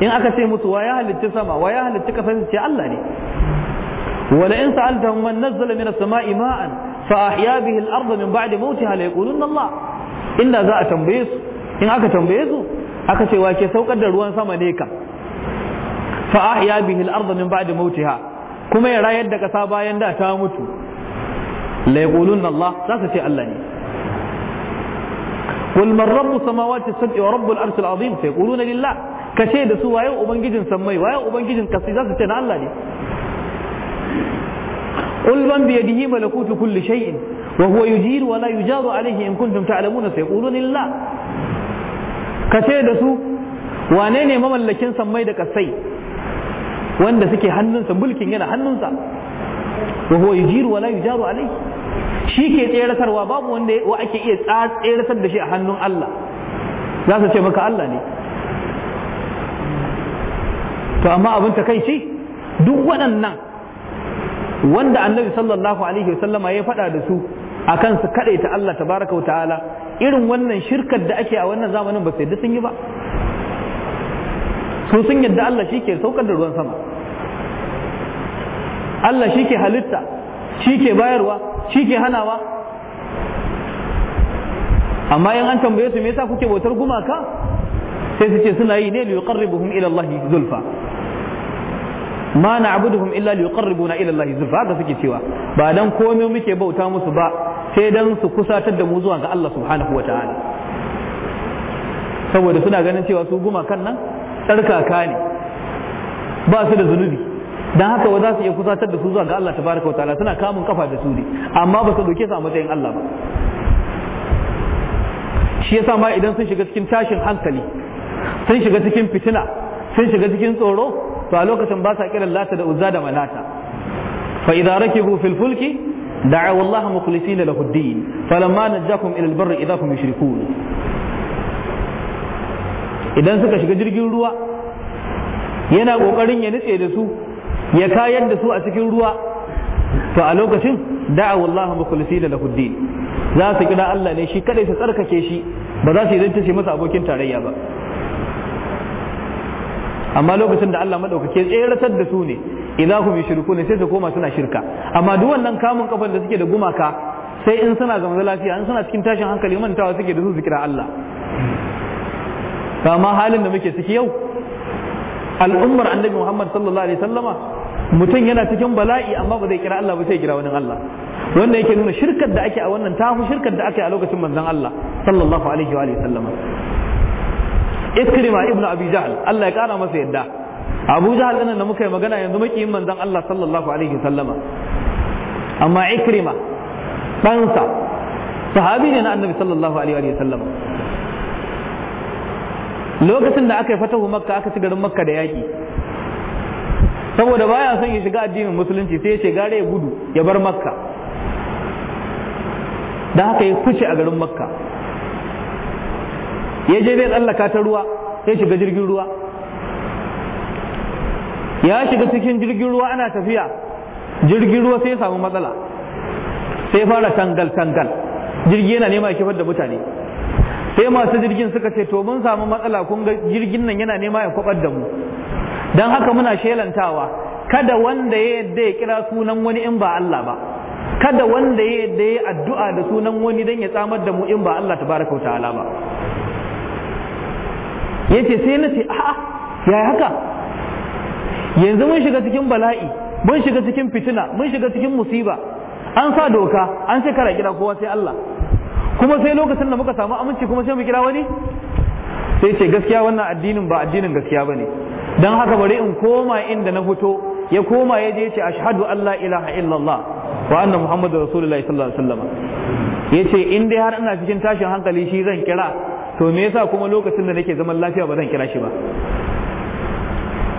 in aka ce musu ya halitta sama wa ya halitta kasa sai ce Allah ne wala in sa'altahum man nazzala min as-sama'i ma'an fa ahya bihi al-arda min ba'di mawtiha la yaqulunna Allah inda za a tambaye su in aka tambaye su aka ce wa ke saukar da ruwan sama ne ka fa ahya bihi al-arda min ba'di mawtiha kuma ya rayar da kasa bayan da ta mutu la yaqulun Allah za su ce Allah ne qul man rabbu samawati sab'i wa rabbul arshil azim fa yaquluna lillah ce da su waye ubangijin sammai waye ubangijin Kasi za su ce na Allah ne قل من بيده ملكوت كل شيء وهو يجير ولا يجار عليه إن كنتم تعلمون سيقولون لله كتير دسو وانين مملكين mamallakin دك da وان wanda suke hannunsa, mulkin yana hannunsa? wa huwa yujiru wa shi ke tseratarwa babu wanda wa ake iya tseratar da shi a hannun Allah za su ce maka Allah ne to amma abin ta kai duk waɗannan wanda annabi sallallahu alaihi wasallama ya faɗa da su akan su ta Allah irin wannan shirkar da ake a wannan zamanin ba sai sun yi ba su sun yadda Allah shi ke saukar da ruwan sama Allah shi ke halitta shi ke bayarwa shi ke hanawa amma in an tambaye su me yasa kuke bautar gumaka sai su ce suna yi ne liyuqarribuhum ila Allah zulfa ma na'buduhum illa liyuqarribuna ila Allah zulfa haka suke cewa ba dan komai muke bauta musu ba sai dan su kusatar da mu zuwa ga Allah subhanahu wataala saboda suna ganin cewa su gumakan nan tsarkaka ne ba su da zunubi dan haka ba za su iya kusatar da su zuwa ga Allah tabaraka wa suna kamun kafa da su ne amma ba su doke su a matsayin Allah ba shi yasa ma idan sun shiga cikin tashin hankali sun shiga cikin fitina sun shiga cikin tsoro to a lokacin ba sa kiran lata da uzza da malata fa idza rakibu fil fulki da'aw Allah mukhlisina lahu ad-din falamma najjakum ila al-barri idza hum yushrikun idan suka shiga jirgin ruwa yana kokarin ya nitse da su ya kayar da su a cikin ruwa to a lokacin da'awu Allah mukhlisina da lahuddin za su kira Allah ne shi kaɗai su tsarkake shi ba za su yi zance masa abokin tarayya ba amma lokacin da Allah madaukake tseratar da su ne idza hum yushrikuna sai su koma suna shirka amma duk wannan kamun kafan da suke da gumaka sai in suna zama lafiya in suna cikin tashin hankali mantawa suke da su zikira Allah ba ma halin da muke ciki yau al'ummar annabi Muhammad sallallahu alaihi sallama mutum yana cikin bala'i amma ba zai kira Allah ba sai kira wani Allah wanda yake nuna shirkar da ake a wannan ta fi shirkar da ake a lokacin manzon Allah sallallahu alaihi wa sallama Ikrima ibn Abi Jahl Allah ya kara masa yadda Abu Jahl din da muka yi magana yanzu yin manzon Allah sallallahu alaihi wa sallama amma Ikrima ɗansa sahabi ne na annabi sallallahu alaihi wa sallama lokacin da aka yi fatahu makka aka ci garin makka da yaƙi saboda baya son ya shiga addinin musulunci sai ya ce gare ya gudu ya bar makka da haka ya fice a garin makka ya je bai tsallaka ta ruwa ya shiga jirgin ruwa ya shiga cikin jirgin ruwa ana tafiya jirgin ruwa sai ya samu matsala sai fara tangal tangal jirgi yana nema ya kifar da mutane sai masu jirgin suka ce to mun samu matsala kun ga jirgin nan yana nema ya kwabar da mu don haka muna shelantawa kada wanda ya yadda ya kira sunan wani in ba Allah ba kada wanda ya yadda ya addu'a da sunan wani don ya tsamar da mu in ba Allah tabaraka wa ta'ala ba yace sai na ce a'a ya haka yanzu mun shiga cikin bala'i mun shiga cikin fitina mun shiga cikin musiba an sa doka an ce kara kira kowa sai Allah kuma sai lokacin da muka samu aminci kuma sai mu kira wani sai ce gaskiya wannan addinin ba addinin gaskiya bane dan haka bari in koma inda na fito ya koma ya je ya ce ashhadu an la ilaha illallah wa anna rasulullahi sallallahu alaihi wasallam ya ce in dai har ina cikin tashin hankali shi zan kira to me yasa kuma lokacin da nake zaman lafiya ba zan kira shi ba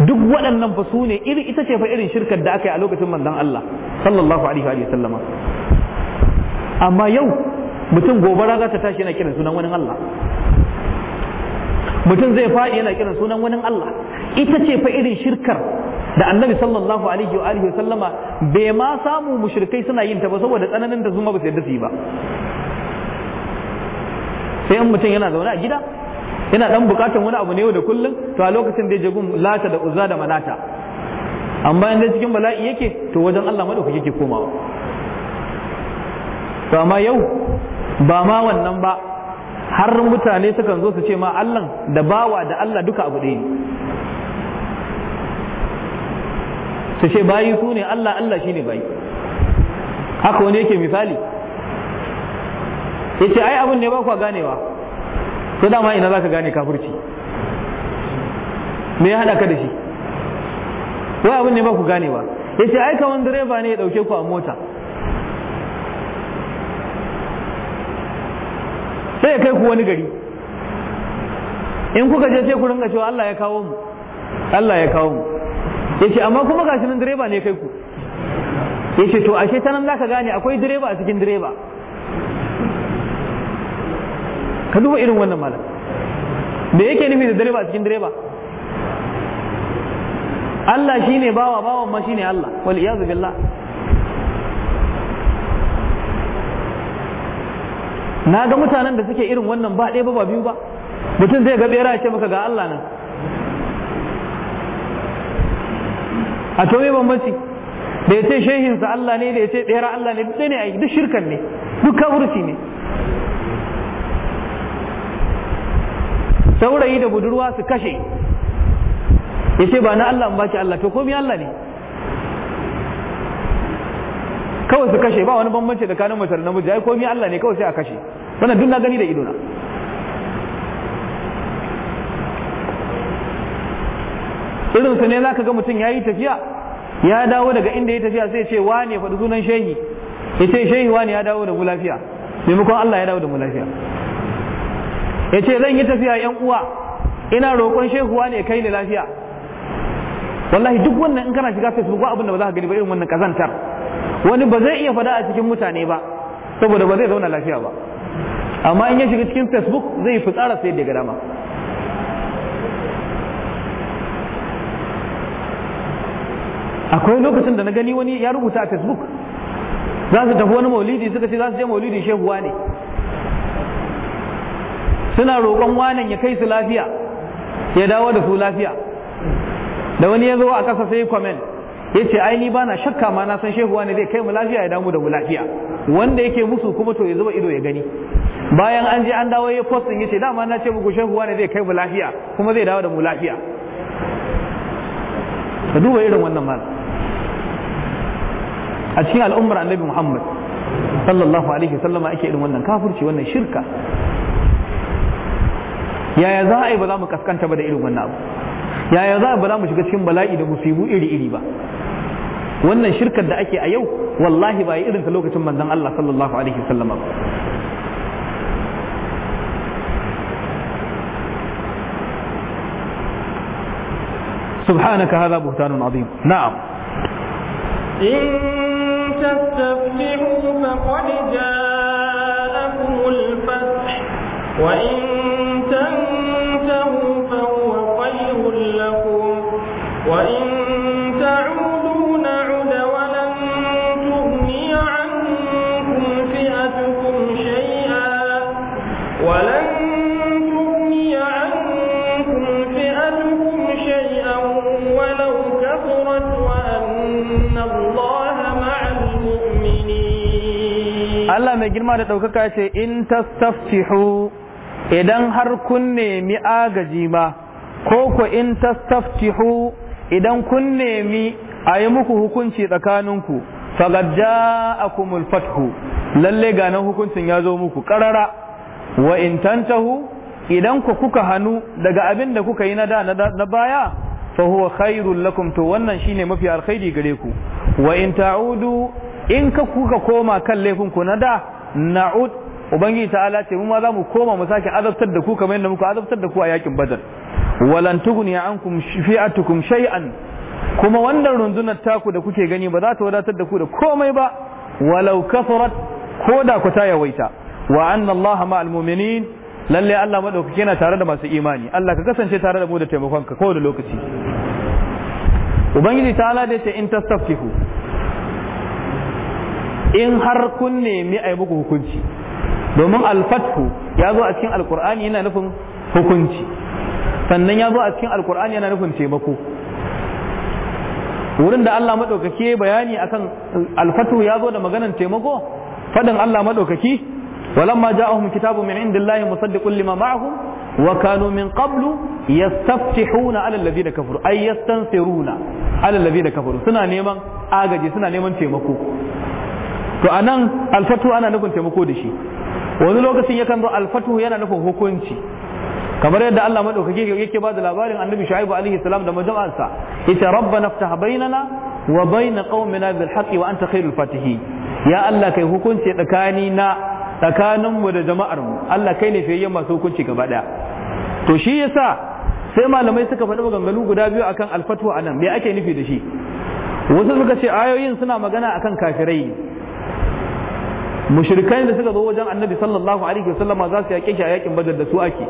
duk waɗannan fa su ne iri ita ce fa irin shirkar da aka yi a lokacin manzon Allah sallallahu alaihi wa sallama amma yau mutum gobara za ta tashi yana kiran sunan wani Allah mutum zai faɗi yana kiran sunan wani Allah ita ce fa irin shirkar da annabi sallallahu alaihi wa alihi sallama bai ma samu mushrikai suna yin ta ba saboda tsananin da zuma ba su yadda su yi ba sai in mutum yana zaune a gida yana dan bukatar wani abu ne yau da kullum to a lokacin da ya je gun lata da uzza da manata amma in dai cikin bala'i yake to wajen Allah madaukaki yake komawa to amma yau ba ma wannan ba har mutane sukan zo su ce ma Allah da bawa da Allah duka abu ɗaya su ce bayi su ne Allah Allah shi ne bayi haka wani yake misali ya ce ai abin ne ba kwa ganewa Su dama ina za ka gane kafirci me ya haɗa ka da shi wai abin ne ba ku ganewa ya ce ai kawan direba ne ya ɗauke ku a mota sai ya kai ku wani gari in kuka je sai ku ringa cewa Allah ya kawo mu Allah ya kawo mu yace amma kuma gashi nan direba ne kai ku yace to ashe ta nan zaka gane akwai direba a cikin direba ka duba irin wannan malam me yake nufi da direba a cikin direba Allah shine bawa bawan ma shine Allah wal iyazu billah na ga mutanen da suke irin wannan ba ɗaya ba ba biyu ba mutum zai ga bera ce maka ga Allah nan a to me bambanci da ya ce shehinsa Allah ne da ya ce bera Allah ne duk ne yi duk shirkan ne duk kafirci ne saurayi da budurwa su kashe ya ce ba na Allah ba ce Allah to komi Allah ne kawai su kashe ba wani bambanci da kanin mace da namiji ai komai Allah ne kawai sai a kashe wannan duk na gani da ido na irin su ne zaka ga mutum yayi tafiya ya dawo daga inda ya tafiya sai ya ce wane faɗi sunan shehi ya ce shehi wane ya dawo da mu lafiya maimakon Allah ya dawo da mu lafiya ya ce zan yi tafiya yan uwa ina roƙon shehu wane kai ni lafiya wallahi duk wannan in kana shiga facebook ba abin da ba za ka gani ba irin wannan kazantar wani ba zai iya fada a cikin mutane ba saboda ba zai zauna lafiya ba amma in ya shiga cikin facebook zai yi fitsara sai da dama akwai lokacin da na gani wani ya rubuta a facebook za su tafi wani maulidi suka ce za su je maulidi shehu ne suna roƙon wanan ya kai su lafiya ya dawo da su lafiya da wani ya zo a ƙasa sai comment ya ce ai ni ba na shakka ma na san shehuwa ne zai kai mu lafiya ya damu da mu lafiya wanda yake musu kuma to ya zuba ido ya gani bayan an je an dawo ya postin ya ce dama na ce muku shehuwa ne zai kai mu lafiya kuma zai dawo da mu lafiya ka duba irin wannan mal a cikin al'ummar annabi muhammad sallallahu alaihi sallama ake irin wannan kafirci wannan shirka yaya za a yi ba za mu kaskanta ba da irin wannan abu yaya za a ba za mu shiga cikin bala'i da musibu iri-iri ba wannan shirkar da ake a yau wallahi ba irin ta lokacin manzon Allah sallallahu alaihi wasallam سبحانك هذا بهتان عظيم نعم إن تستفتحوا فقد جاءكم الفتح وإن تنتهوا فهو خير لكم وإن mai girma da ɗaukaka ce in tastaftihu idan har kun nemi agaji ma ko ku in tastaftihu idan kun nemi a yi muku hukunci tsakaninku a kumul fathu lalle ganin hukuncin ya zo muku karara wa in tantahu idan ku kuka hannu daga abin da kuka yi na da na baya fa huwa khairul lakum to wannan shine mafi alkhairi gare ku wa in ta'udu in ka kuka koma kan laifin ku na da na'ud ubangiji ta'ala ce mu ma za mu koma mu sake azabtar da ku kamar yadda muka azabtar da ku a yakin badar walan tughni ankum shi'atukum shay'an kuma wannan rundunar taku da kuke gani ba za ta wadatar da ku da komai ba walau kafarat ko da ku ta yawaita wa anna allaha ma'al mu'minin lalle Allah madaukake yana tare da masu imani Allah ka kasance tare da mu da taimakon ka kowane lokaci ubangiji ta'ala da ce in tastaftihu in har kun nemi a yi muku hukunci domin alfathu ya zo a cikin alkur'ani yana nufin hukunci sannan ya zo a cikin alkur'ani yana nufin taimako wurin da Allah maɗaukaki bayani akan alfathu ya zo da maganan taimako faɗin Allah maɗaukaki walamma a ja'ahum kitabun min indillahi musaddiqun ma ma'ahum wa kanu min qablu yastaftihuna 'ala alladhina kafaru ay yastansiruna 'ala da kafuru suna neman agaji suna neman taimako to anan alfatu ana nufin taimako da shi wani lokacin yakan zo alfatu yana nufin hukunci kamar yadda Allah madaukake yake ba da labarin annabi shu'aibu alaihi salam da majama'arsa ita rabbana ftah bainana wa bain qaumina bil haqqi wa anta khairul fatihi. ya Allah kai hukunci tsakani na tsakanin mu da jama'ar mu Allah kai ne fiyayyen masu hukunci gaba daya to shi yasa sai malamai suka faɗi maganganu guda biyu akan alfatu anan me ake nufi da shi wasu suka ce ayoyin suna magana akan kafirai mushrikai da suka zo wajen annabi sallallahu alaihi wasallama za su yake shi a yakin badar da su ake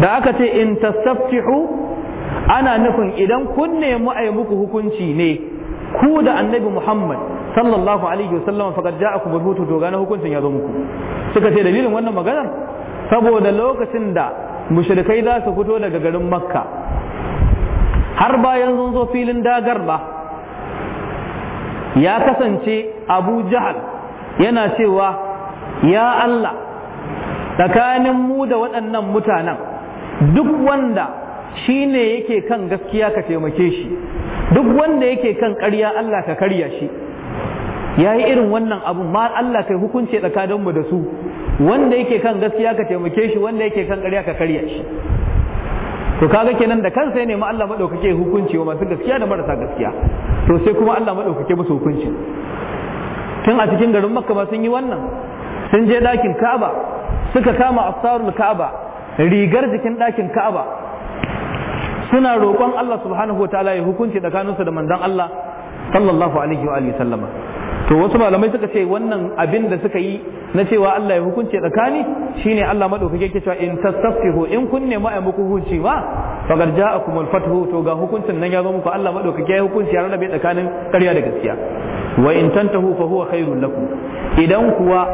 da aka ce in tasaffihu ana nufin idan kun nemi a yi muku hukunci ne ku da annabi muhammad sallallahu alaihi wasallam faqad ja'akum rubutu to gane hukuncin ya zo muku suka ce dalilin wannan maganar saboda lokacin da mushrikai za su fito daga garin makka har bayan sun zo filin dagar ba ya kasance abu jahal yana cewa ya Allah tsakanin mu da waɗannan mutanen duk wanda shi ne yake kan gaskiya ka taimake shi duk wanda yake kan ƙarya Allah ka karya shi ya yi irin wannan abu ma Allah kai hukunce tsakaninmu da su wanda yake kan gaskiya ka taimake shi wanda yake kan ƙarya ka karya shi to kaga kenan da kansa ya nemi Allah madaukake hukunci wa masu gaskiya da marasa gaskiya to sai kuma Allah madaukake musu hukunci tun a cikin garin makka ba sun yi wannan sun je ɗakin ka'aba suka kama astarul ka'aba rigar jikin ɗakin ka'aba suna roƙon Allah subhanahu wa ta'ala ya hukunci tsakaninsu da manzon Allah sallallahu alaihi wa sallama to wasu malamai suka ce wannan abin da suka yi na cewa Allah ya hukunce tsakani shine Allah madaukake yake cewa in tasaffihu in kun nemi ai muku hukunci ba faqad ja'akum al-fathu to ga hukuncin nan ya zo muku Allah madaukake ya hukunci ya rabe tsakanin ƙarya da gaskiya wa in tantahu fa huwa khairul lakum idan kuwa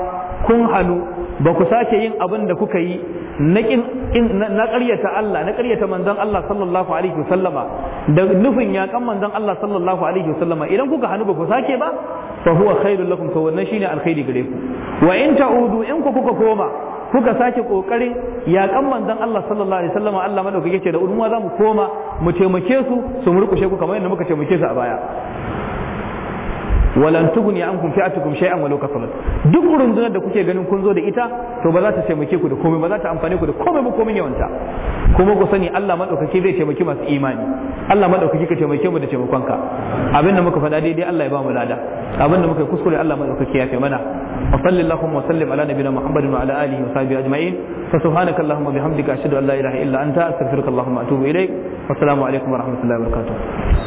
kun hanu ba ku sake yin abin da kuka yi na ƙaryata Allah na ƙaryata manzon Allah sallallahu alaihi wasallama da nufin ya yaƙan manzon Allah sallallahu alaihi wasallama idan kuka hannu ba ku sake ba fa huwa khairul lakum to wannan shine alkhairi gare ku wa in ta'udu in ku kuka koma kuka sake kokarin yaƙan manzon Allah sallallahu alaihi wasallama Allah madaukake ce da urmuwa za mu koma mu taimake su su murkushe ku kamar yadda muka taimake su a baya walan tuguni ankum fi'atukum shay'an walau kasabat duk rundunar da kuke ganin kun zo da ita to ba za ta taimake ku da komai ba za ta amfane ku da komai ba komai wanta kuma ku sani Allah madaukaki zai taimaki masu imani Allah madaukaki ka taimake mu da taimakonka abin da muka faɗa daidai Allah ya ba mu lada abin da muka kuskure Allah madaukaki ya fi mana wa sallallahu wa sallim ala nabiyina muhammadin wa ala alihi wa sahbihi ajma'in fa subhanaka allahumma bihamdika ashhadu an la ilaha illa anta astaghfiruka allahumma atubu ilaik wa assalamu alaikum wa rahmatullahi wa barakatuh